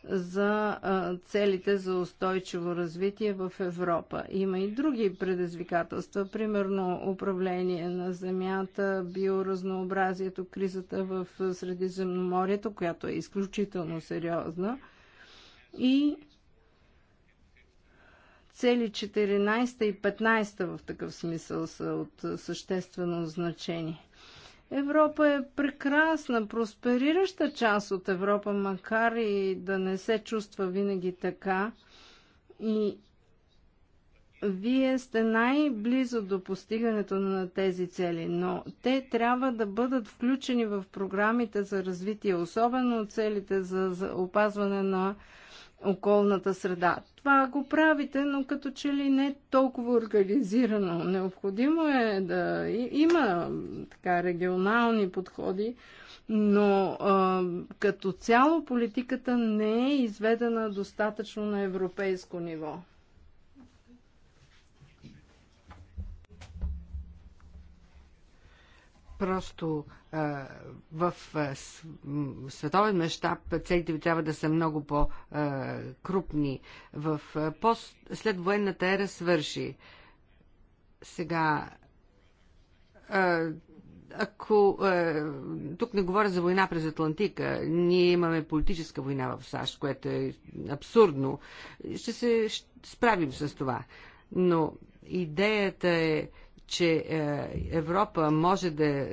за целите за устойчиво развитие в Европа. Има и други предизвикателства, примерно управление на земята, биоразнообразието, кризата в Средиземноморието, която е изключително сериозна и цели 14 и 15 в такъв смисъл са от съществено значение. Европа е прекрасна, просперираща част от Европа, макар и да не се чувства винаги така. И вие сте най-близо до постигането на тези цели, но те трябва да бъдат включени в програмите за развитие, особено целите за, за опазване на околната среда. Това го правите, но като че ли не е толкова организирано. Необходимо е да има така регионални подходи, но а, като цяло политиката не е изведена достатъчно на европейско ниво. Просто в световен мащаб целите ви трябва да са много по-крупни. В пост, след военната ера свърши. Сега ако е, тук не говоря за война през Атлантика, ние имаме политическа война в САЩ, което е абсурдно, ще се ще справим с това. Но идеята е че е, Европа може да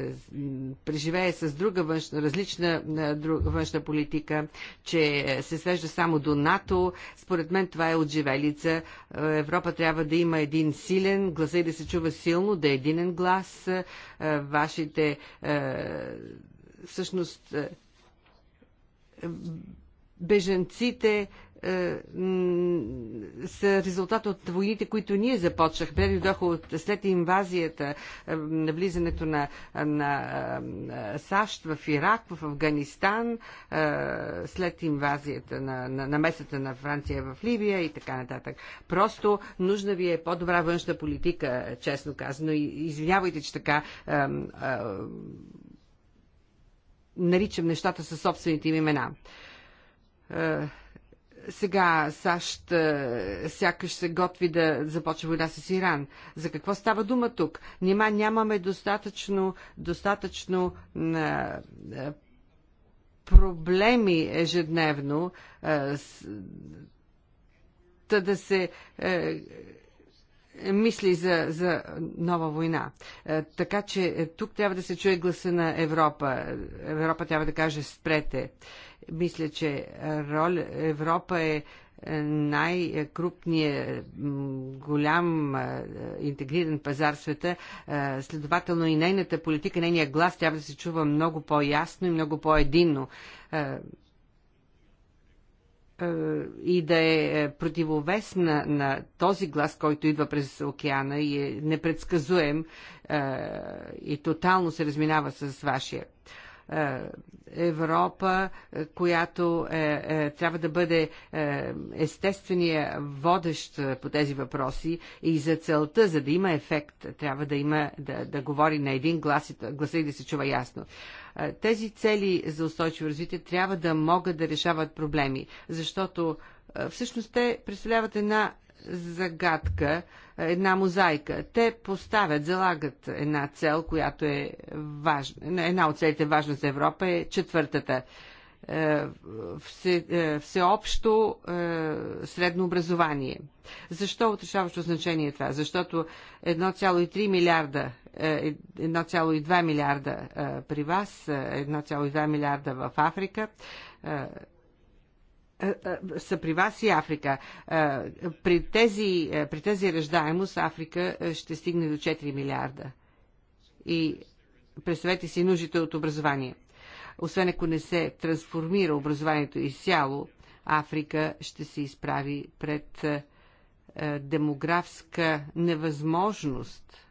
преживее с друга външна, различна е, друга външна политика, че е, се свежда само до НАТО. Според мен това е отживелица. Европа трябва да има един силен глас и да се чува силно, да е единен глас. Вашите всъщност беженците е, са резултат от войните, които ние започнахме. Дойдоха от след инвазията, е, навлизането на, на е, САЩ в Ирак, в Афганистан, след инвазията на, на, на месата на Франция в Ливия и така нататък. Просто нужна ви е по-добра външна политика, честно казано. И, извинявайте, че така наричам нещата със собствените им имена сега САЩ е, сякаш се готви да започне война с Иран. За какво става дума тук? Нима нямаме достатъчно, достатъчно на, е, е, проблеми ежедневно, с, да се мисли за, за нова война. Така че тук трябва да се чуе гласа на Европа. Европа трябва да каже спрете. Мисля, че роля, Европа е, е най-крупният голям е, интегриран пазар в света. Е, следователно и нейната политика, нейния глас трябва да се чува много по-ясно и много по-единно и да е противовес на, на този глас, който идва през океана и е непредсказуем и тотално се разминава с вашия. Е, Европа, е, която е, е, трябва да бъде е, естествения водещ е, по тези въпроси и за целта, за да има ефект, трябва да, има, да, да говори на един глас и, гласа и да се чува ясно. Тези цели за устойчиво развитие трябва да могат да решават проблеми, защото всъщност те представляват една загадка, една мозайка. Те поставят, залагат една цел, която е важна. Една от целите важна за Европа е четвъртата. Е, все, е, всеобщо е, средно образование. Защо отрешаващо значение е това? Защото 1,3 милиарда, 1,2 милиарда при вас, 1,2 милиарда в Африка, е, е, са при вас и Африка. Е, при, тези, при тези ръждаемост Африка ще стигне до 4 милиарда. И представете си нуждите от образование. Освен ако не се трансформира образованието изцяло, Африка ще се изправи пред демографска невъзможност.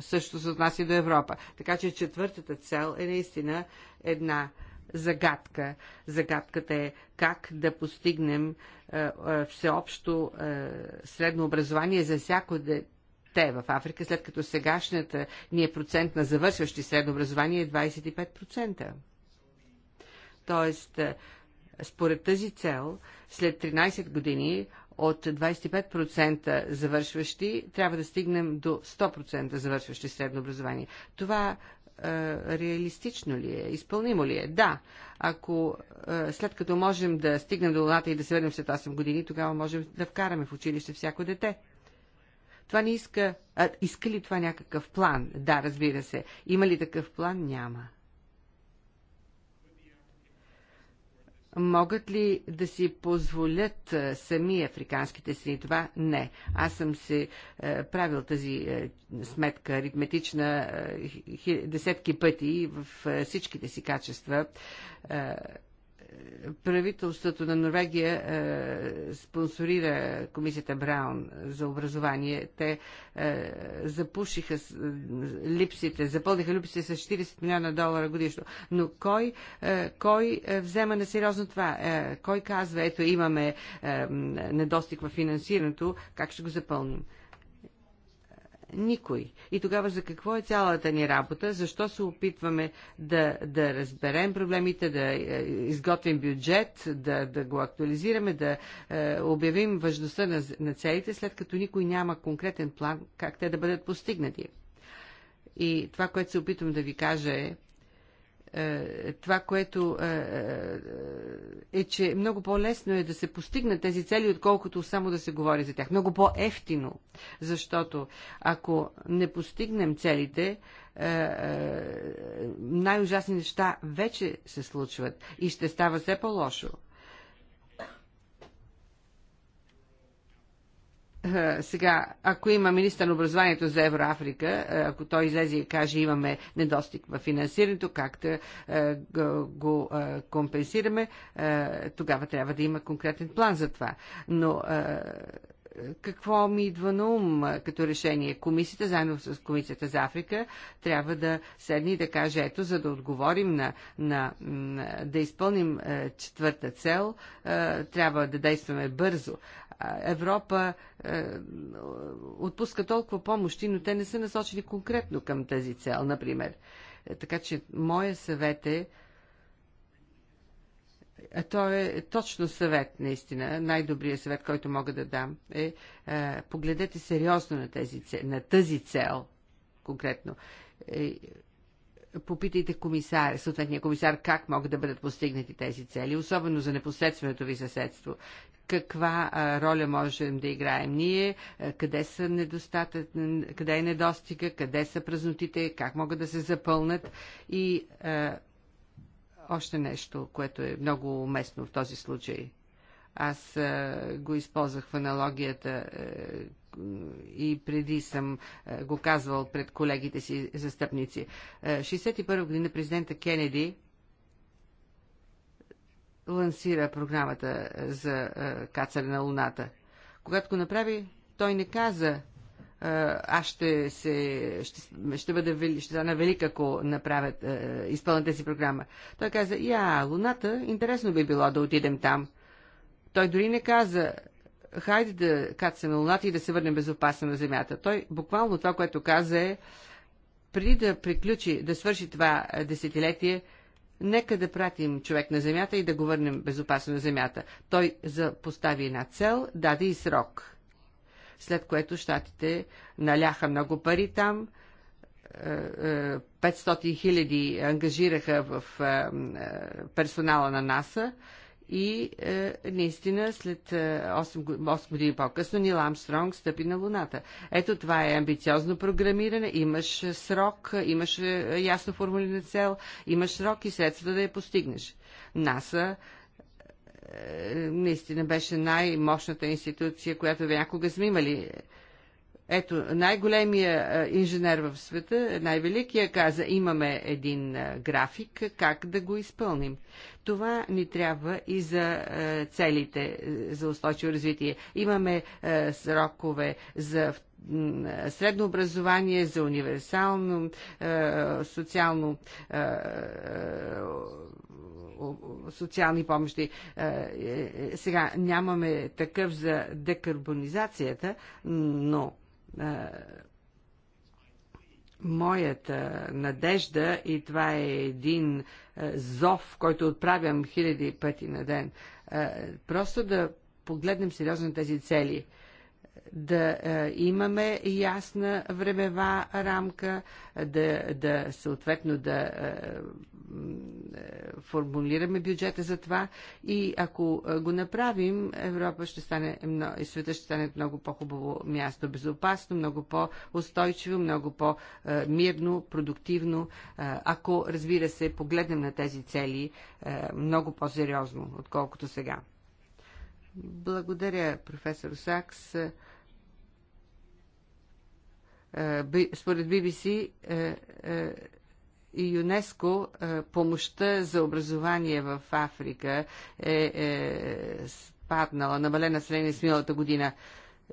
Също се отнася до Европа. Така че четвъртата цел е наистина една загадка. Загадката е как да постигнем е, е, всеобщо е, средно образование за всяко дете те в Африка, след като сегашната ни е процент на завършващи средно образование е 25%. Тоест, според тази цел, след 13 години от 25% завършващи трябва да стигнем до 100% завършващи средно образование. Това е, реалистично ли е, изпълнимо ли е. Да, ако е, след като можем да стигнем до луната и да се върнем след 8 години, тогава можем да вкараме в училище всяко дете. Това не иска... А, иска ли това някакъв план? Да, разбира се. Има ли такъв план? Няма. Могат ли да си позволят е, сами африканските страни това? Не. Аз съм се е, правил тази е, сметка аритметична десетки пъти в всичките си качества правителството на Норвегия е, спонсорира комисията Браун за образование. Те е, запушиха липсите, запълниха липсите с 40 милиона долара годишно. Но кой, е, кой е, взема на сериозно това? Е, кой казва, ето имаме е, недостиг в финансирането, как ще го запълним? Е, никой. И тогава за какво е цялата ни работа? Защо се опитваме да, да разберем проблемите, да е, изготвим бюджет, да, да го актуализираме, да е, обявим важността на, на целите, след като никой няма конкретен план как те да бъдат постигнати? И това, което се опитвам да ви кажа е, е, това, което е, е, е, че много по-лесно е да се постигнат тези цели, отколкото само да се говори за тях. Много по-ефтино, защото ако не постигнем целите, най-ужасни неща вече се случват и ще става все по-лошо. Е, сега, ако има министър на образованието за Евроафрика, е, ако той излезе и каже имаме недостиг в финансирането, как да е, го компенсираме, тогава трябва да има конкретен план за това. Но какво ми идва на ум като решение? Комисията, заедно с Комисията за Африка, трябва да седне и да каже, ето, за да отговорим на, на, на да изпълним е, четвърта цел, е, трябва да действаме бързо. Европа е, отпуска толкова помощи, но те не са насочени конкретно към тази цел, например. Така че, моя съвет е, е, той е точно съвет, наистина. Най-добрият съвет, който мога да дам е, е погледнете сериозно на, тези, на тази цел, конкретно. Е, попитайте комисар, съответния комисар, как могат да бъдат постигнати тези цели, особено за непосредственото ви съседство. Каква а, роля можем да играем ние, а, къде са недостатък, къде е недостига, къде са празнотите, как могат да се запълнат и а, още нещо, което е много уместно в този случай. Аз а, е, го използвах в аналогията е, и преди съм е, го казвал пред колегите си застъпници. 61 61 година президента Кенеди лансира програмата за кацане на Луната. Когато го направи, той не каза аз ще, се, ще, ще, бъда, ще стана велик, ако направят, е, изпълнят тази програма. Той каза, я, Луната, интересно би било да отидем там. Той дори не каза, хайде да кацаме на Луната и да се върнем безопасно на Земята. Той буквално това, което каза е, преди да приключи, да свърши това десетилетие, нека да пратим човек на Земята и да го върнем безопасно на Земята. Той постави една цел, даде и срок – след което щатите наляха много пари там. 500 е, е, хиляди ангажираха в е, персонала на НАСА и наистина след 8, 8 години по-късно Нил Амстронг стъпи на Луната. Ето това е амбициозно програмиране, имаш срок, имаш ясно формулирана цел, имаш срок и средства да я постигнеш. НАСА е, наистина беше най-мощната институция, която някога сме имали. Ето, най-големия е, инженер в света, най-великия, каза, имаме един е, график, как да го изпълним. Това ни трябва и за целите за устойчиво развитие. Имаме срокове за средно образование, за универсално социално социални помощи. Е, е, сега нямаме такъв за декарбонизацията, но е, моята надежда и това е един зов, който отправям хиляди пъти на ден. Просто да погледнем сериозно тези цели да имаме ясна времева рамка, да, да съответно да формулираме бюджета за това и ако го направим, Европа ще стане и света ще стане много по-хубаво място, безопасно, много по-устойчиво, много по-мирно, продуктивно, ако, разбира се, погледнем на тези цели много по-сериозно, отколкото сега. Благодаря, професор Сакс. Според BBC и ЮНЕСКО е, помощта за образование в Африка е, е спаднала, намалена средне с миналата година.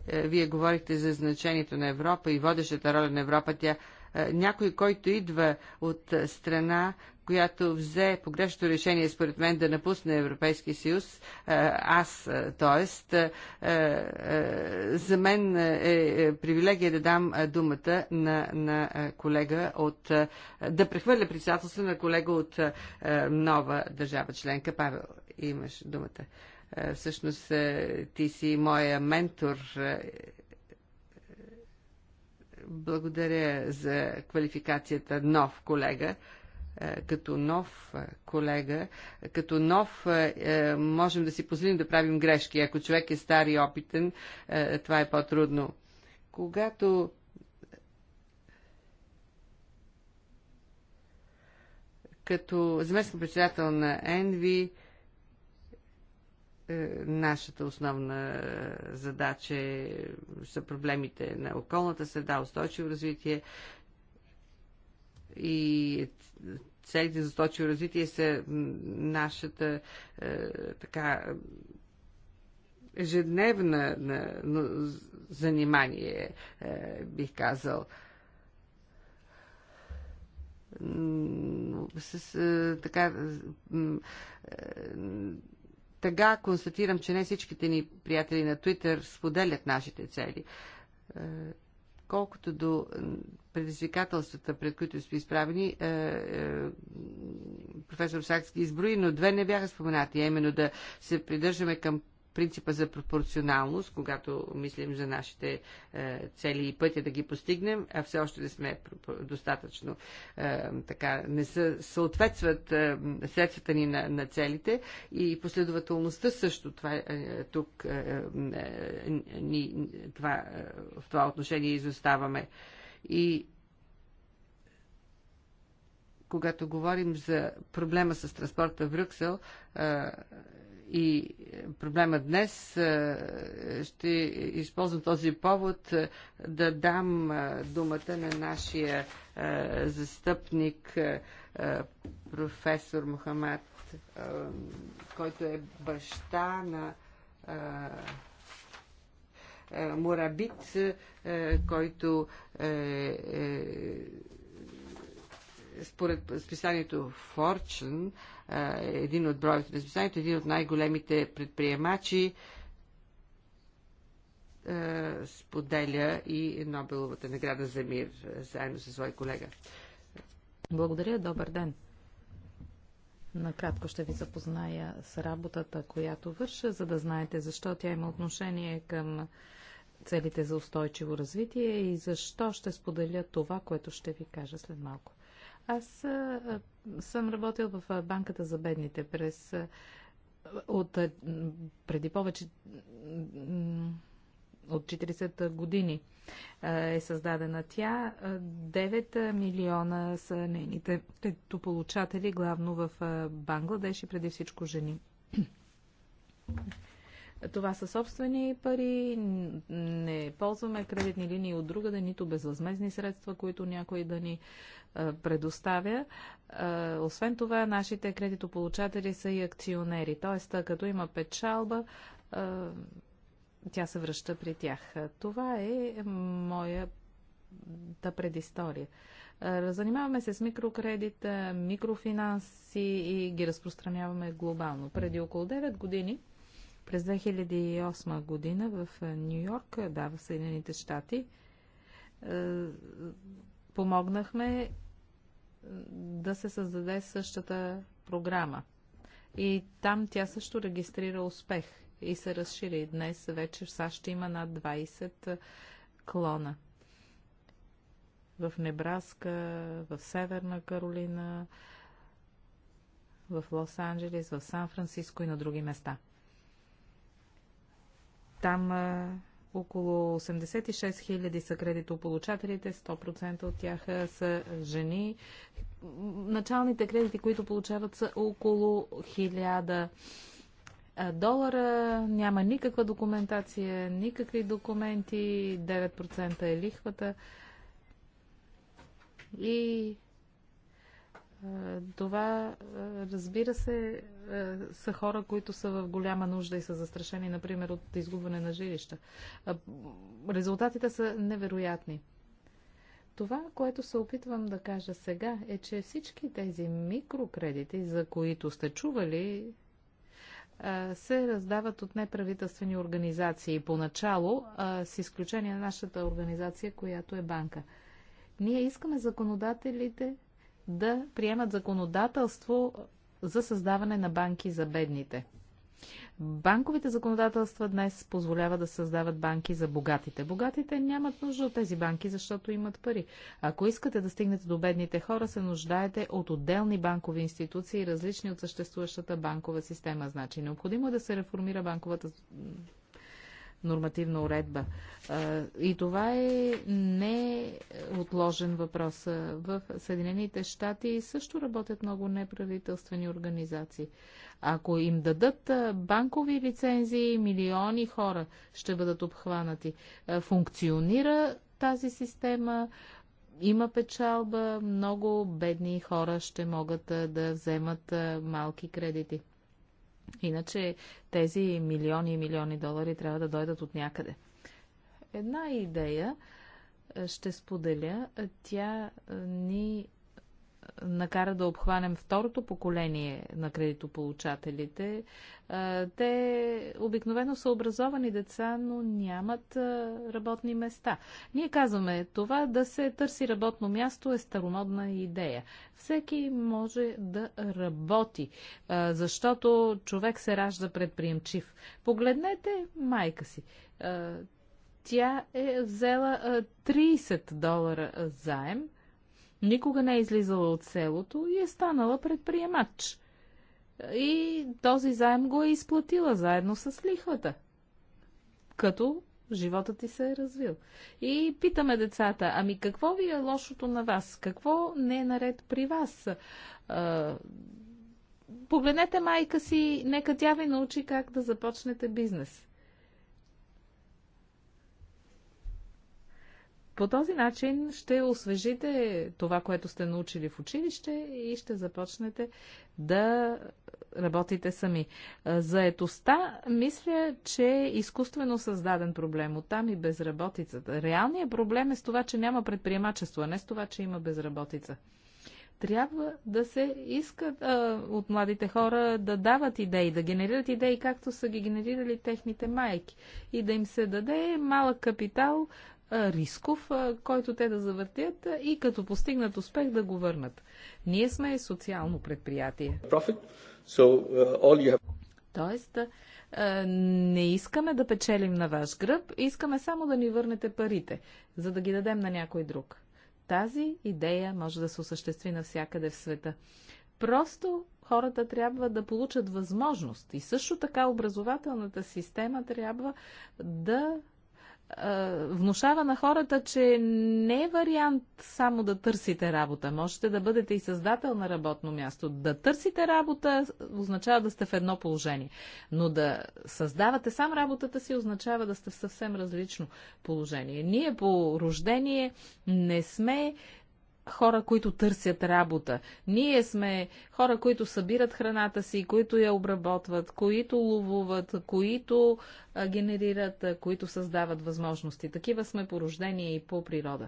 Е, вие говорихте за значението на Европа и водещата роля на Европа. Тя е, някой, който идва от страна, която взе погрешното решение, според мен, да напусне Европейския съюз, е, аз, т.е. Е, за мен е привилегия да дам думата на, на колега от... да прехвърля председателство на колега от нова държава членка. Павел, имаш думата. Всъщност ти си моя ментор благодаря за квалификацията нов колега е, като нов е, колега, като нов е, можем да си позволим да правим грешки. Ако човек е стар и опитен, това е по-трудно. Когато като заместник председател на Енви е, нашата основна е, задача е, са проблемите на околната среда, устойчиво развитие и целите за устойчиво развитие са нашата така ежедневна занимание, бих казал с така Тъга констатирам, че не всичките ни приятели на Твитър споделят нашите цели. Е, колкото до предизвикателствата, пред които сме изправени, е, е, професор Сакски изброи, но две не бяха споменати, а именно да се придържаме към принципа за пропорционалност, когато мислим за нашите е, цели и пътя да ги постигнем, а все още не сме достатъчно е, така, не са, съответстват е, средствата ни на, на целите и последователността също това тук ни, това, в това отношение изоставаме. И когато говорим за проблема с транспорта в Брюксел, и проблема днес. Е, ще използвам този повод е, да дам е, думата на нашия застъпник професор Мохамед, който е баща на Мурабит, който е, е според списанието Fortune един от броевете на списанието, един от най-големите предприемачи споделя и Нобеловата награда за мир заедно със свой колега. Благодаря, добър ден. Накратко ще ви запозная с работата, която върша, за да знаете защо тя има отношение към целите за устойчиво развитие и защо ще споделя това, което ще ви кажа след малко. Аз съм работил в банката за бедните през от преди повече от 40 години е създадена тя. 9 милиона са нейните получатели, главно в Бангладеш и преди всичко жени. Това са собствени пари, не ползваме кредитни линии от да нито безвъзмезни средства, които някой да ни предоставя. Освен това, нашите кредитополучатели са и акционери, т.е. като има печалба, тя се връща при тях. Това е моята предистория. Занимаваме се с микрокредита, микрофинанси и ги разпространяваме глобално. Преди около 9 години през 2008 година в Нью Йорк, да, в Съединените щати, помогнахме да се създаде същата програма. И там тя също регистрира успех и се разшири. Днес вече в САЩ има над 20 клона. В Небраска, в Северна Каролина, в Лос-Анджелес, в Сан-Франциско и на други места – там а, около 86 000 са кредитополучателите, 100% от тях са жени. Началните кредити, които получават, са около 1000 долара. Няма никаква документация, никакви документи. 9% е лихвата. И е, това, е, разбира се, е, са хора, които са в голяма нужда и са застрашени, например, от изгубване на жилища. Резултатите са невероятни. Това, което се опитвам да кажа сега, е, че всички тези микрокредити, за които сте чували, се раздават от неправителствени организации поначало, с изключение на нашата организация, която е банка. Ние искаме законодателите да приемат законодателство за създаване на банки за бедните. Банковите законодателства днес позволяват да създават банки за богатите. Богатите нямат нужда от тези банки, защото имат пари. Ако искате да стигнете до бедните хора, се нуждаете от отделни банкови институции, различни от съществуващата банкова система. Значи необходимо е да се реформира банковата нормативна уредба. И това е неотложен въпрос. В Съединените щати също работят много неправителствени организации. Ако им дадат банкови лицензии, милиони хора ще бъдат обхванати. Функционира тази система, има печалба, много бедни хора ще могат да вземат малки кредити. Иначе тези милиони и милиони долари трябва да дойдат от някъде. Една идея е, ще споделя. Тя е, ни накара да обхванем второто поколение на кредитополучателите. Е, те обикновено са образовани деца, но нямат е, работни места. Ние казваме, това да се търси работно място е старомодна идея. Всеки може да работи, е, защото човек се ражда предприемчив. Погледнете майка си тя е взела 30 долара заем никога не е излизала от селото и е станала предприемач. И този заем го е изплатила заедно с лихвата, като животът ти се е развил. И питаме децата, ами какво ви е лошото на вас? Какво не е наред при вас? А, погледнете майка си, нека тя ви научи как да започнете бизнес. По този начин ще освежите това, което сте научили в училище и ще започнете да работите сами. Заетостта, мисля, че е изкуствено създаден проблем. Оттам и безработицата. Реалният проблем е с това, че няма предприемачество, а не с това, че има безработица трябва да се искат а, от младите хора да дават идеи, да генерират идеи, както са ги генерирали техните майки и да им се даде малък капитал рисков, който те да завъртят и като постигнат успех да го върнат. Ние сме социално предприятие. Uh, Тоест, не искаме да печелим на ваш гръб, искаме само да ни върнете парите, за да ги дадем на някой друг. Тази идея може да се осъществи навсякъде в света. Просто хората трябва да получат възможност и също така образователната система трябва да внушава на хората, че не е вариант само да търсите работа. Можете да бъдете и създател на работно място. Да търсите работа означава да сте в едно положение. Но да създавате сам работата си означава да сте в съвсем различно положение. Ние по рождение не сме хора, които търсят работа. Ние сме хора, които събират храната си, които я обработват, които ловуват, които генерират, които създават възможности. Такива сме рождение и по природа.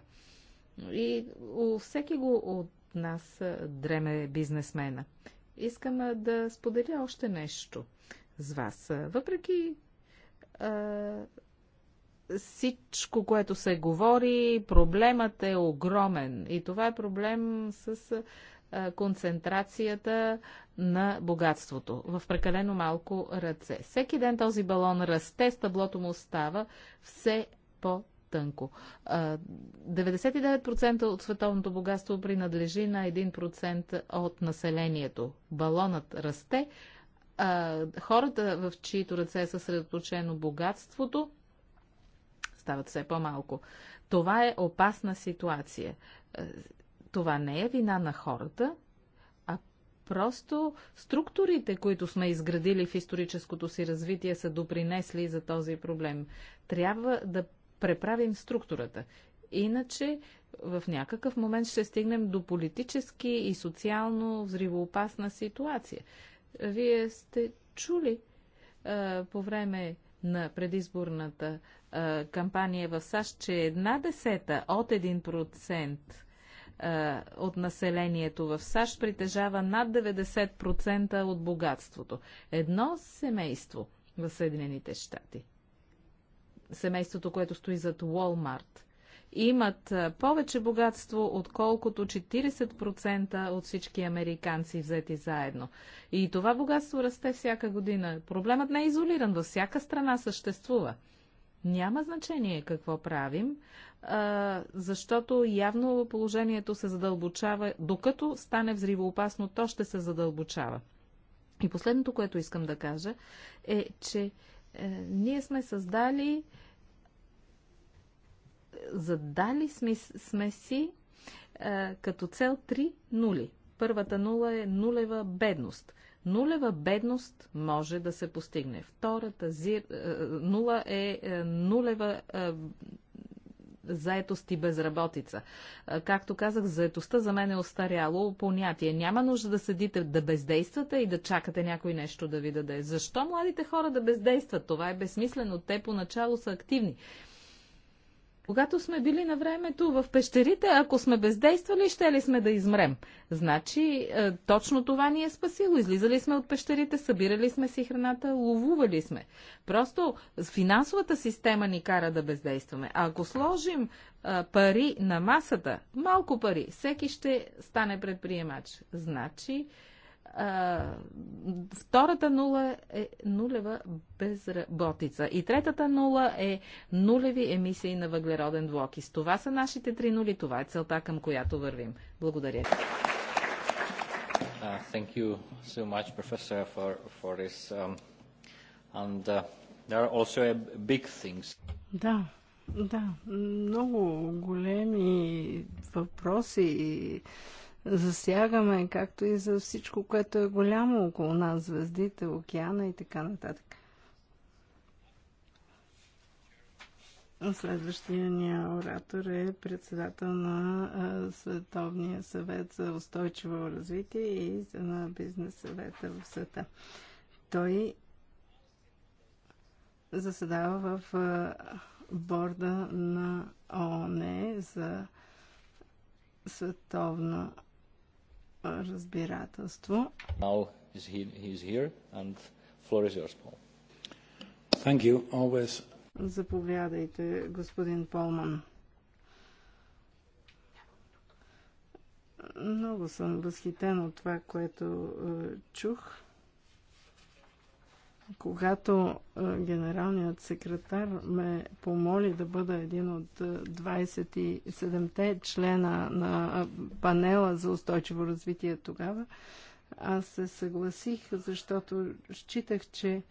И у всеки го от нас дреме бизнесмена. Искам да споделя още нещо с вас. Въпреки всичко, което се говори, проблемът е огромен. И това е проблем с концентрацията на богатството в прекалено малко ръце. Всеки ден този балон расте, стъблото му става все по тънко. 99% от световното богатство принадлежи на 1% от населението. Балонът расте, хората, в чието ръце е съсредоточено богатството, стават все по-малко. Това е опасна ситуация. Е, това не е вина на хората, а просто структурите, които сме изградили в историческото си развитие, са допринесли за този проблем. Трябва да преправим структурата. Иначе в някакъв момент ще стигнем до политически и социално взривоопасна ситуация. Вие сте чули е, по време на предизборната кампания в САЩ, че една десета от 1% от населението в САЩ притежава над 90% от богатството. Едно семейство в Съединените щати. Семейството, което стои зад Уолмарт имат повече богатство, отколкото 40% от всички американци взети заедно. И това богатство расте всяка година. Проблемът не е изолиран, във всяка страна съществува. Няма значение какво правим, защото явно положението се задълбочава. Докато стане взривоопасно, то ще се задълбочава. И последното, което искам да кажа, е, че е, ние сме създали, задали сме, сме си е, като цел три нули. Първата нула е нулева бедност. Нулева бедност може да се постигне. Втората зир... Е, нула е, е нулева е, заетост и безработица. Както казах, заетостта за мен е остаряло понятие. Няма нужда да седите да бездействате и да чакате някой нещо да ви даде. Защо младите хора да бездействат? Това е безсмислено. Те поначало са активни. Когато сме били на времето в пещерите, ако сме бездействали, ще ли сме да измрем? Значи, е, точно това ни е спасило. Излизали сме от пещерите, събирали сме си храната, ловували сме. Просто финансовата система ни кара да бездействаме. А ако сложим е, пари на масата, малко пари, всеки ще стане предприемач. Значи, а, втората нула е нулева безработица. И третата нула е нулеви емисии на въглероден двуокис. Това са нашите три нули. Това е целта, към която вървим. Благодаря. ви. Uh, um, uh, да, да. Много големи въпроси засягаме, както и за всичко, което е голямо около нас, звездите, океана и така нататък. Следващия ни оратор е председател на Световния съвет за устойчиво развитие и на бизнес съвета в света. Той заседава в борда на ООН за световна разбирателство. Now he's, he's here and floor is yours, Paul. Thank you. Always. Заповядайте, господин Полман. Много съм възхитен от това, което е, чух. Когато генералният секретар ме помоли да бъда един от 27-те члена на панела за устойчиво развитие тогава, аз се съгласих, защото считах, че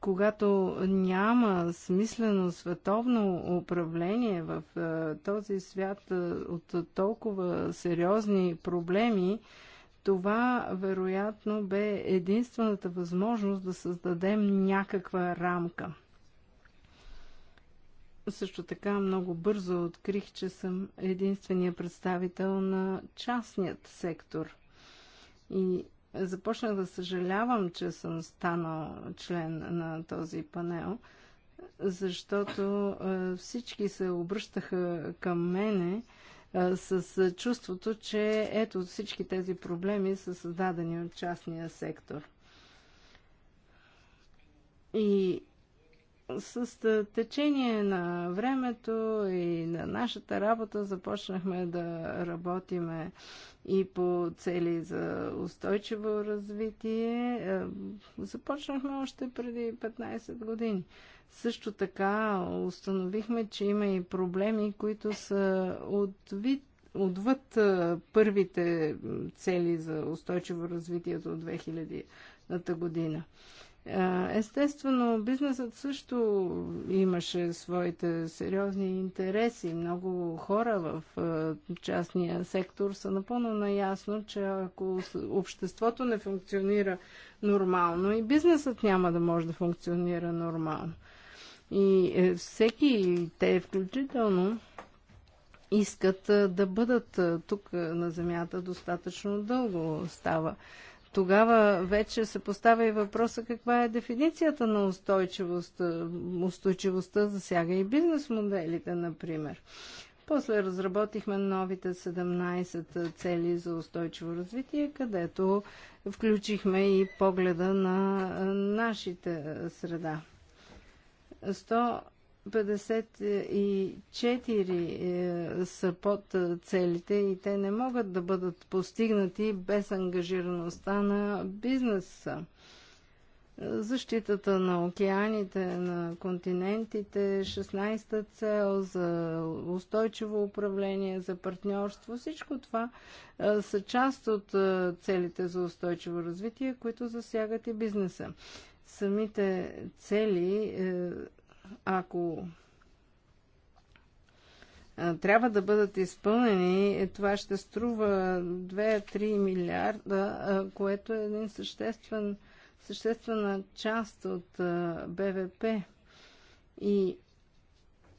когато няма смислено световно управление в този свят от толкова сериозни проблеми, това вероятно бе единствената възможност да създадем някаква рамка. Също така много бързо открих, че съм единствения представител на частният сектор. И започнах да съжалявам, че съм станал член на този панел, защото е, всички се обръщаха към мене с чувството, че ето всички тези проблеми са създадени от частния сектор. И с течение на времето и на нашата работа започнахме да работиме и по цели за устойчиво развитие. Започнахме още преди 15 години. Също така установихме, че има и проблеми, които са от вид, отвъд първите цели за устойчиво развитие до 2000-та година. Естествено, бизнесът също имаше своите сериозни интереси. Много хора в частния сектор са напълно наясно, че ако обществото не функционира нормално, и бизнесът няма да може да функционира нормално. И е, всеки, те включително, искат е, да бъдат е, тук на Земята достатъчно дълго става. Тогава вече се поставя и въпроса каква е дефиницията на устойчивост. Устойчивостта засяга и бизнес моделите, например. После разработихме новите 17 цели за устойчиво развитие, където включихме и погледа на нашите среда. 154 е, са под е, целите и те не могат да бъдат постигнати без ангажираността на бизнеса. Защитата на океаните, на континентите, 16-та цел за устойчиво управление, за партньорство, всичко това е, са част от целите за устойчиво развитие, които засягат и бизнеса самите цели, е, ако е, трябва да бъдат изпълнени, е, това ще струва 2-3 милиарда, което е един съществен, съществена част от БВП. И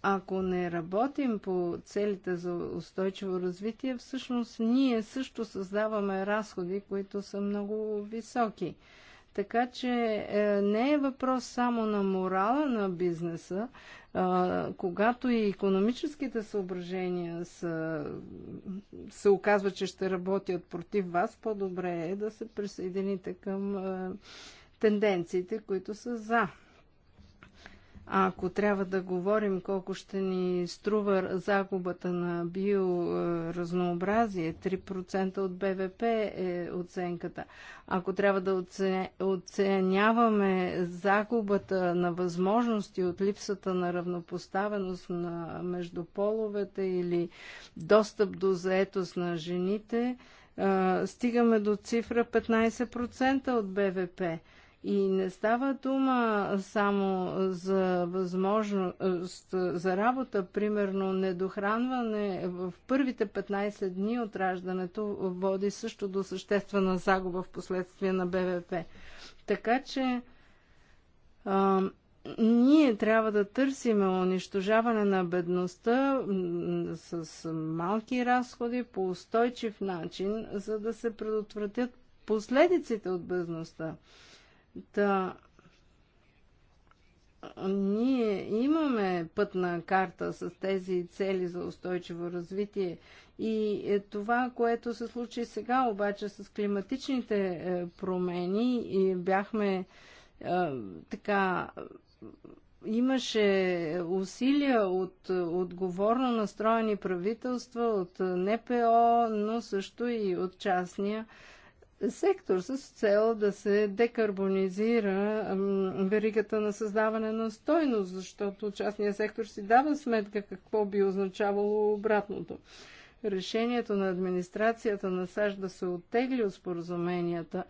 ако не работим по целите за устойчиво развитие, всъщност ние също създаваме разходи, които са много високи. Така че е, не е въпрос само на морала на бизнеса. Е, когато и економическите съображения са, се оказва, че ще работят против вас, по-добре е да се присъедините към е, тенденциите, които са за ако трябва да говорим колко ще ни струва загубата на биоразнообразие, 3% от БВП е оценката. Ако трябва да оценяваме загубата на възможности от липсата на равнопоставеност на половете или достъп до заетост на жените, стигаме до цифра 15% от БВП. И не става дума само за възможност за работа, примерно недохранване в първите 15 дни от раждането води също до съществена загуба в последствие на БВП. Така че а, ние трябва да търсим унищожаване на бедността с малки разходи по устойчив начин, за да се предотвратят последиците от бедността. Да. ние имаме пътна карта с тези цели за устойчиво развитие и е, това, което се случи сега обаче с климатичните е, промени и бяхме е, така имаше усилия от отговорно настроени правителства, от НПО, но също и от частния сектор с цел да се декарбонизира веригата на създаване на стойност, защото частния сектор си дава сметка какво би означавало обратното. Решението на администрацията на САЩ да се оттегли от споразуменията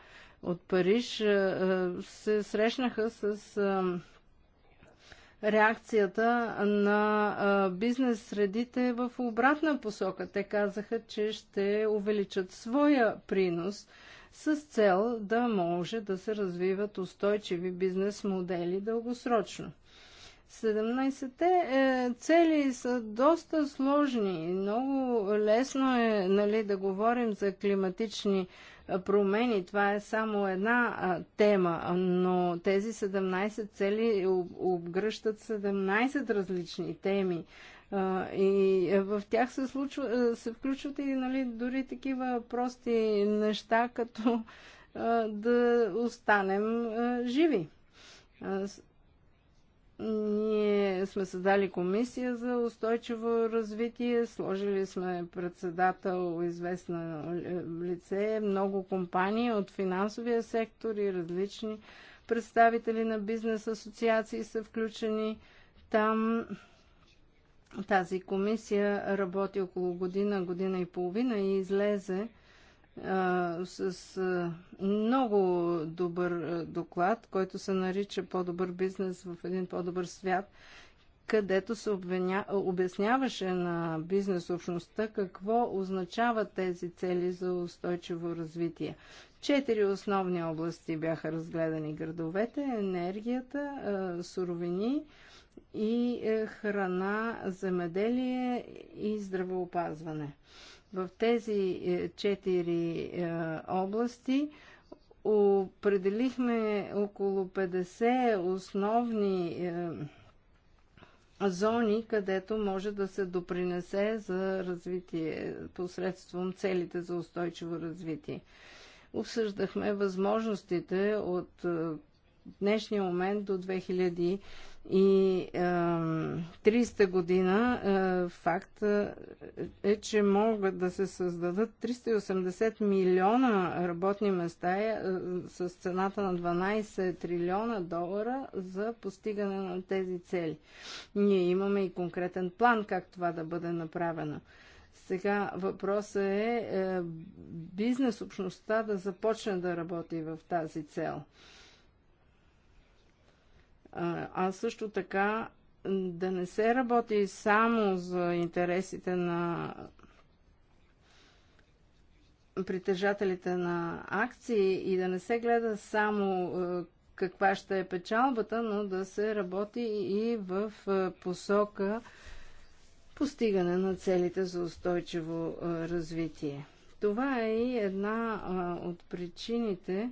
от Париж се срещнаха с реакцията на бизнес средите в обратна посока. Те казаха, че ще увеличат своя принос – с цел да може да се развиват устойчиви бизнес модели дългосрочно. 17-те е, цели са доста сложни. Много лесно е нали, да говорим за климатични е, промени. Това е само една тема, но тези 17 цели обгръщат 17 различни теми. И е, в тях се, случва, е, се включват и нали, дори такива прости неща, като е, да останем живи. Ние сме създали комисия за устойчиво развитие, сложили сме председател известно лице, много компании от финансовия сектор и различни представители на бизнес асоциации са включени там. Тази комисия работи около година, година и половина и излезе а, с а, много добър а, доклад, който се нарича По-добър бизнес в един по-добър свят, където се обвиня, обясняваше на бизнес общността какво означават тези цели за устойчиво развитие. Четири основни области бяха разгледани градовете, енергията, суровини, и е, храна, земеделие и здравеопазване. В тези е, четири е, области определихме около 50 основни зони, където може да се допринесе за развитие посредством целите за устойчиво развитие. Обсъждахме възможностите от днешния момент до 2000 и 300 година факт е, че могат да се създадат 380 милиона работни места е, с цената на 12 трилиона долара за постигане на тези цели. Ние имаме и конкретен план как това да бъде направено. Сега въпросът е, е бизнес общността да започне да работи в тази цел а също така да не се работи само за интересите на притежателите на акции и да не се гледа само каква ще е печалбата, но да се работи и в посока постигане на целите за устойчиво развитие. Това е и една от причините,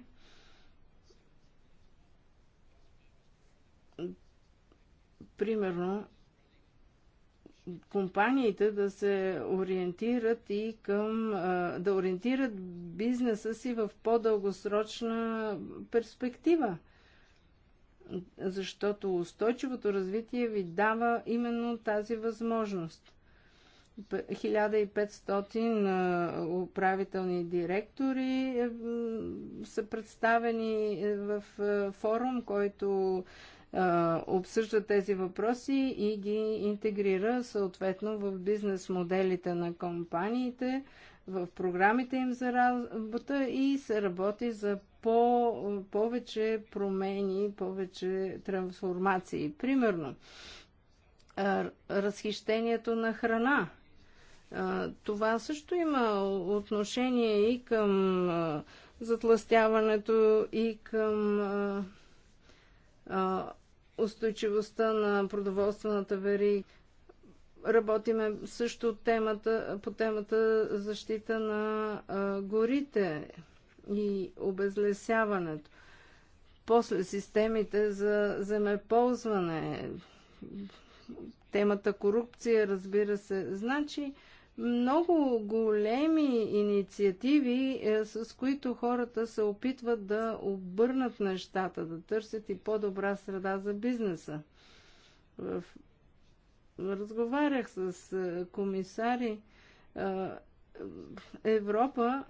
примерно, компаниите да се ориентират и към да ориентират бизнеса си в по-дългосрочна перспектива. Защото устойчивото развитие ви дава именно тази възможност. 1500 управителни директори са представени е, в е, форум, който обсъжда тези въпроси и ги интегрира съответно в бизнес моделите на компаниите, в програмите им за работа и се работи за по, повече промени, повече трансформации. Примерно, разхищението на храна. Това също има отношение и към затластяването, и към устойчивостта на продоволствената вери. Работиме също темата, по темата защита на а, горите и обезлесяването. После системите за земеползване, темата корупция, разбира се. Значи, много големи инициативи, е, с които хората се опитват да обърнат нещата, да търсят и по-добра среда за бизнеса. Разговарях с е, комисари. Е, Европа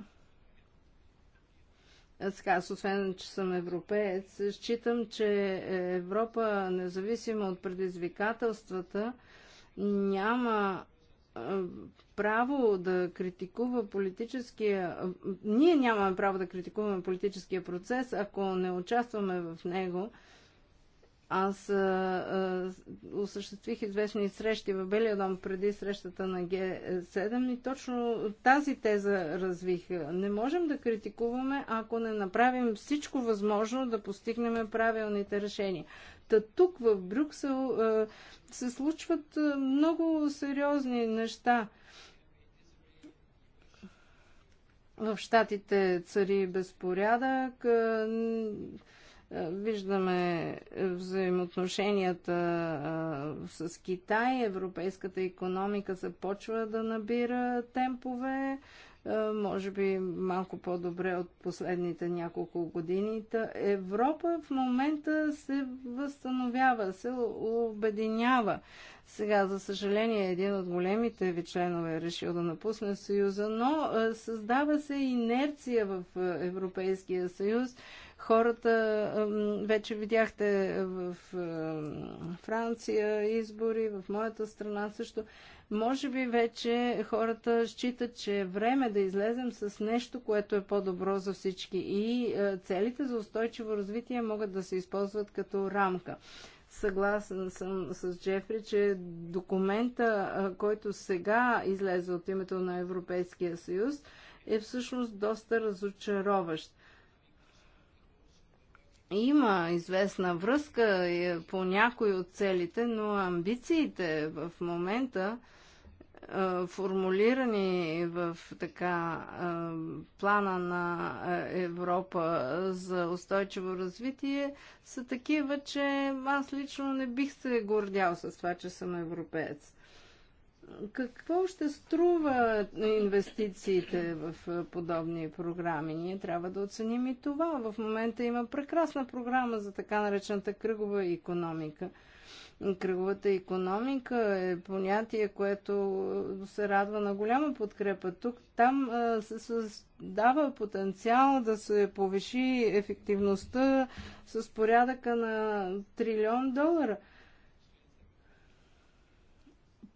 аз, освен, че съм европеец, считам, че Европа, независимо от предизвикателствата, няма е, право да критикува политическия... Е, ние нямаме право да критикуваме политическия процес, ако не участваме в него. Аз а, е, а, осъществих известни срещи в Белия дом преди срещата на Г7 и точно тази теза развих. Не можем да критикуваме, ако не направим всичко възможно да постигнем правилните решения. Та тук в Брюксел се случват много сериозни неща. В щатите цари безпорядък. Виждаме взаимоотношенията с Китай. Европейската економика започва да набира темпове. Е, може би малко по-добре от последните няколко години. Европа в момента се възстановява, се обединява. Сега, за съжаление, един от големите ви членове е решил да напусне Съюза, но е, създава се инерция в е, Европейския съюз. Хората, вече видяхте в Франция избори, в моята страна също може би вече хората считат, че е време да излезем с нещо, което е по-добро за всички. И е, целите за устойчиво развитие могат да се използват като рамка. Съгласен съм с Джефри, че документа, е, който сега излезе от името на Европейския съюз, е всъщност доста разочароващ има известна връзка е, по някои от целите, но амбициите в момента формулирани в така плана на Европа за устойчиво развитие, са такива, че аз лично не бих се гордял с това, че съм европеец. Какво ще струва инвестициите в подобни програми? Ние трябва да оценим и това. В момента има прекрасна програма за така наречената кръгова економика – Кръговата економика е понятие, което се радва на голяма подкрепа. Тук там се създава потенциал да се повиши ефективността с порядъка на трилион долара.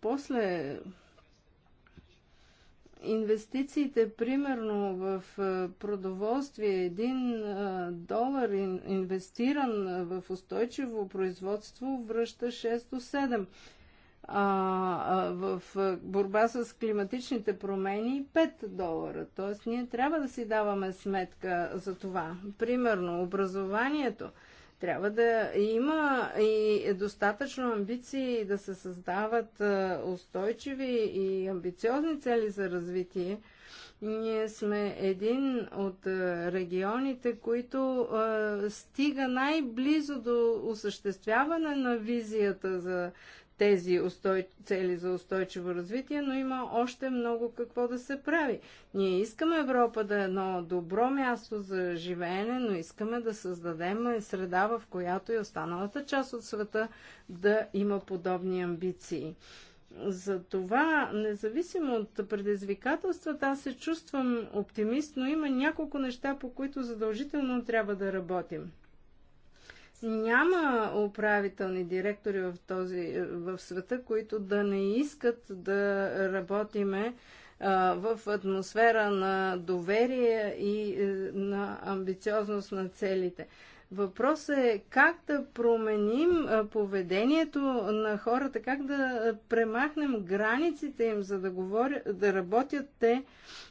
После инвестициите, примерно в продоволствие, един долар инвестиран в устойчиво производство връща 6 до 7, а в борба с климатичните промени 5 долара. Тоест ние трябва да си даваме сметка за това. Примерно образованието – трябва да има и достатъчно амбиции да се създават устойчиви и амбициозни цели за развитие. Ние сме един от регионите, които стига най-близо до осъществяване на визията за тези устой... цели за устойчиво развитие, но има още много какво да се прави. Ние искаме Европа да е едно добро място за живеене, но искаме да създадем среда, в която и останалата част от света да има подобни амбиции. Затова, независимо от предизвикателствата, аз се чувствам оптимист, но има няколко неща, по които задължително трябва да работим. Няма управителни директори в, този, е, в света, които да не искат да работиме е, в атмосфера на доверие и е, на амбициозност на целите. Въпросът е как да променим поведението на хората, как да премахнем границите им, за да, говоря да работят те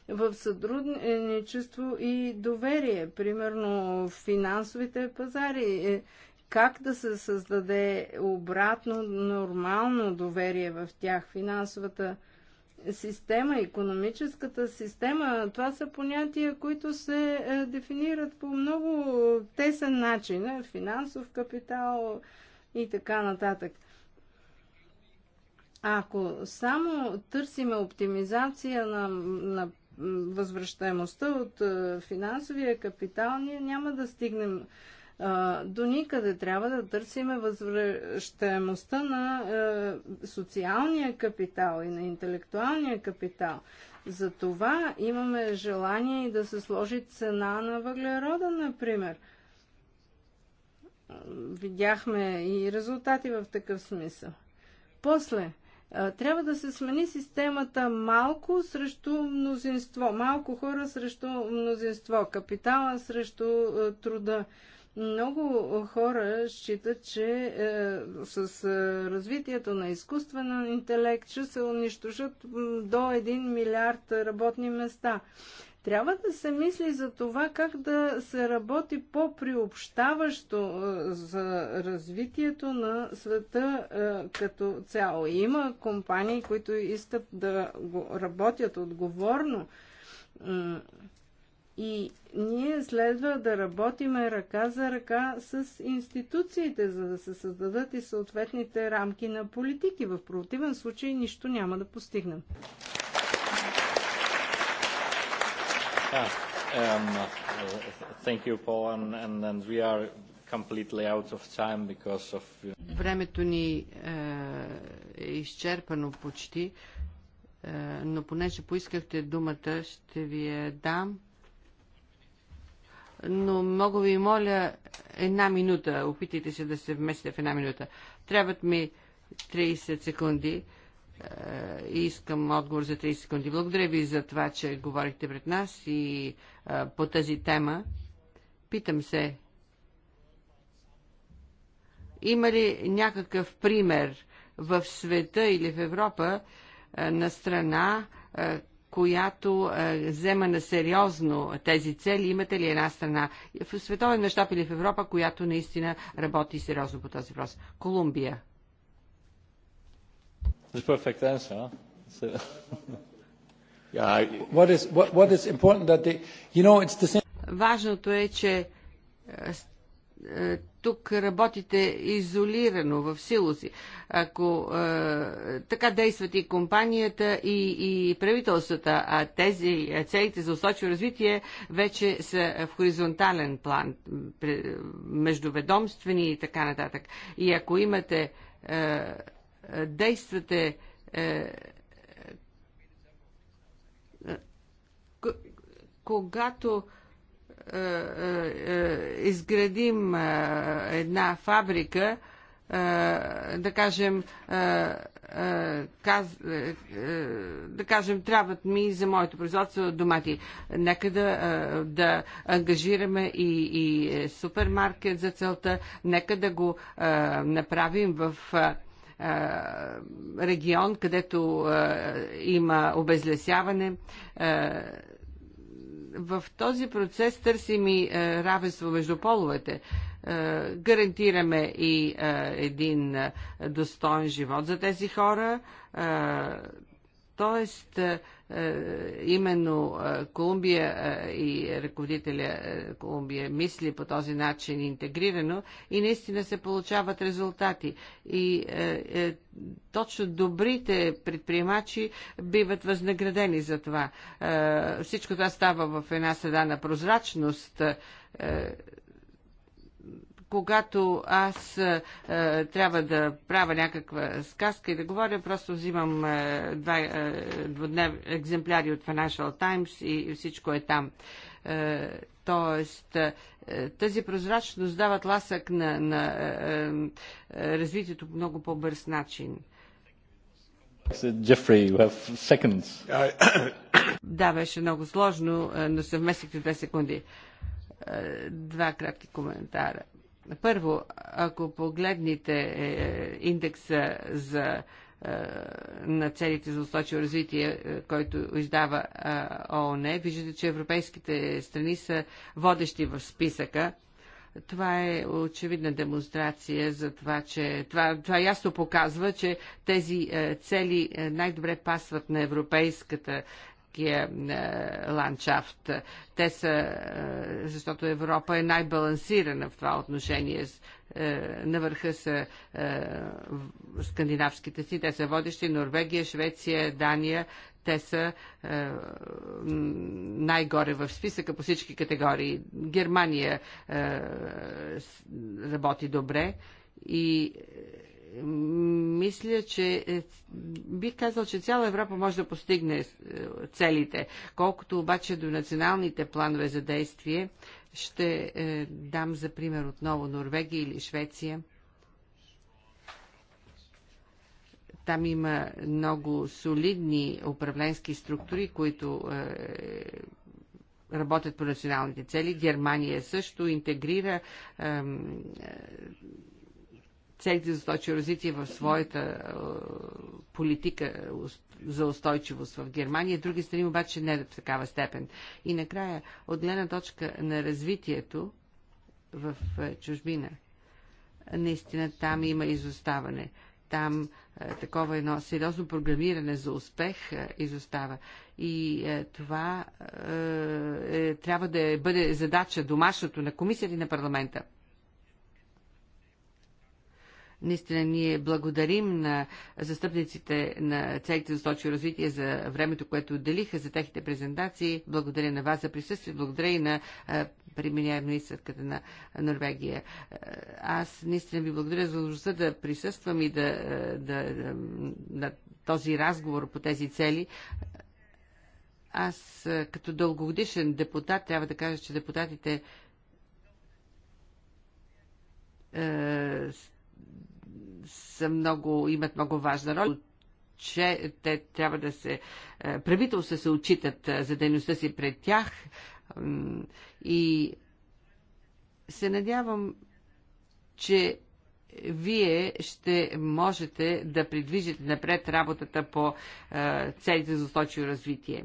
в сътрудничество и доверие. Примерно финансовите пазари. Е, как да се създаде обратно нормално доверие в тях, финансовата система, економическата система, това са понятия, които се е, дефинират по много тесен начин. Е, финансов капитал и така нататък. Ако само търсиме оптимизация на, на възвръщаемостта от е, финансовия капитал, ние няма да стигнем до никъде трябва да търсиме възвръщаемостта на социалния капитал и на интелектуалния капитал. За това имаме желание и да се сложи цена на въглерода, например. Видяхме и резултати в такъв смисъл. После, трябва да се смени системата малко срещу мнозинство. Малко хора срещу мнозинство. Капитала срещу труда. Много хора считат, че е, с е, развитието на изкуствен интелект ще се унищожат до 1 милиард работни места. Трябва да се мисли за това как да се работи по-приобщаващо е, за развитието на света е, като цяло. Има компании, които искат да работят отговорно и ние следва да работиме ръка за ръка с институциите, за да се създадат и съответните рамки на политики. В противен случай нищо няма да постигнем. Ah, um, uh, Времето ни е, е изчерпано почти, е, но понеже поискахте думата, ще ви я дам но много ви моля една минута. Опитайте се да се вместите в една минута. Трябват ми 30 секунди е, и искам отговор за 30 секунди. Благодаря ви за това, че говорихте пред нас и е, по тази тема. Питам се, има ли някакъв пример в света или в Европа е, на страна, която е, взема на сериозно тези цели? Имате ли една страна в световен мащаб или в Европа, която наистина работи сериозно по този въпрос? Колумбия. Важното е, че е, е, тук работите изолирано в силу си. Ако а, е, така действат и компанията, и, и правителствата, а тези целите за устойчиво развитие вече са в хоризонтален план, междуведомствени и така нататък. И ако имате, а, е, действате А, е, когато А, е, е, е, изградим една фабрика, да кажем, да кажем, трябват ми за моето производство домати. Нека да, да ангажираме и, и супермаркет за целта, нека да го направим в регион, където има обезлесяване в този процес търсим и е, равенство между половете. Е, гарантираме и е, един достоен живот за тези хора. тоест, е, именно е, Колумбия е, и ръководителя Колумбия мисли по този начин интегрирано и наистина се получават резултати. И точно добрите предприемачи биват възнаградени за това. всичко това става в една среда на прозрачност когато аз е, е, трябва да правя някаква сказка и да говоря, просто взимам е, два, е, двуднев, екземпляри от Financial Times и, всичко е там. Е, тоест, е, тази прозрачност дава ласък на, на е, е, е, развитието по много по-бърз начин. Джефри, you have seconds. да, беше много сложно, е, но съвместихте две секунди. Два кратки коментара първо, ако погледнете е, индекса за е, на целите за устойчиво развитие, е, който издава ООН, виждате, че европейските страни са водещи в списъка. Това е очевидна демонстрация за това, че това, това ясно показва, че тези цели най-добре пасват на европейската европейския е, ландшафт. Те са, е, защото Европа е най-балансирана в това отношение. Е, на върха са скандинавските си, те са водещи Норвегия, Швеция, Дания. Те са най-горе в списъка по всички категории. Германия работи добре и мисля, че е, бих казал, че цяла Европа може да постигне е, целите. Колкото обаче до националните планове за действие, ще е, дам за пример отново Норвегия или Швеция. Там има много солидни управленски структури, които работят по националните цели. Германия също интегрира цели за устойчиво развитие в своята е, политика е, за устойчивост в Германия, други страни обаче не в такава степен. И накрая, от гледна точка на развитието в е, чужбина, наистина там има изоставане. Там такова едно сериозно програмиране за успех изостава. И е, това е, трябва да бъде задача домашното на комисията и на парламента. Наистина ние благодарим на застъпниците на целите за устойчиво развитие за времето, което отделиха за техните презентации. Благодаря на вас за присъствие. Благодаря и на преминяя министърката на Норвегия. Аз наистина ви благодаря за възможността да присъствам и да, да, да, на този разговор по тези цели. Аз като дългогодишен депутат трябва да кажа, че депутатите са много, имат много важна роля че те трябва да се... Е, правителства се отчитат е, за дейността си пред тях и се надявам, че вие ще можете да придвижите напред работата по е, целите за устойчиво развитие.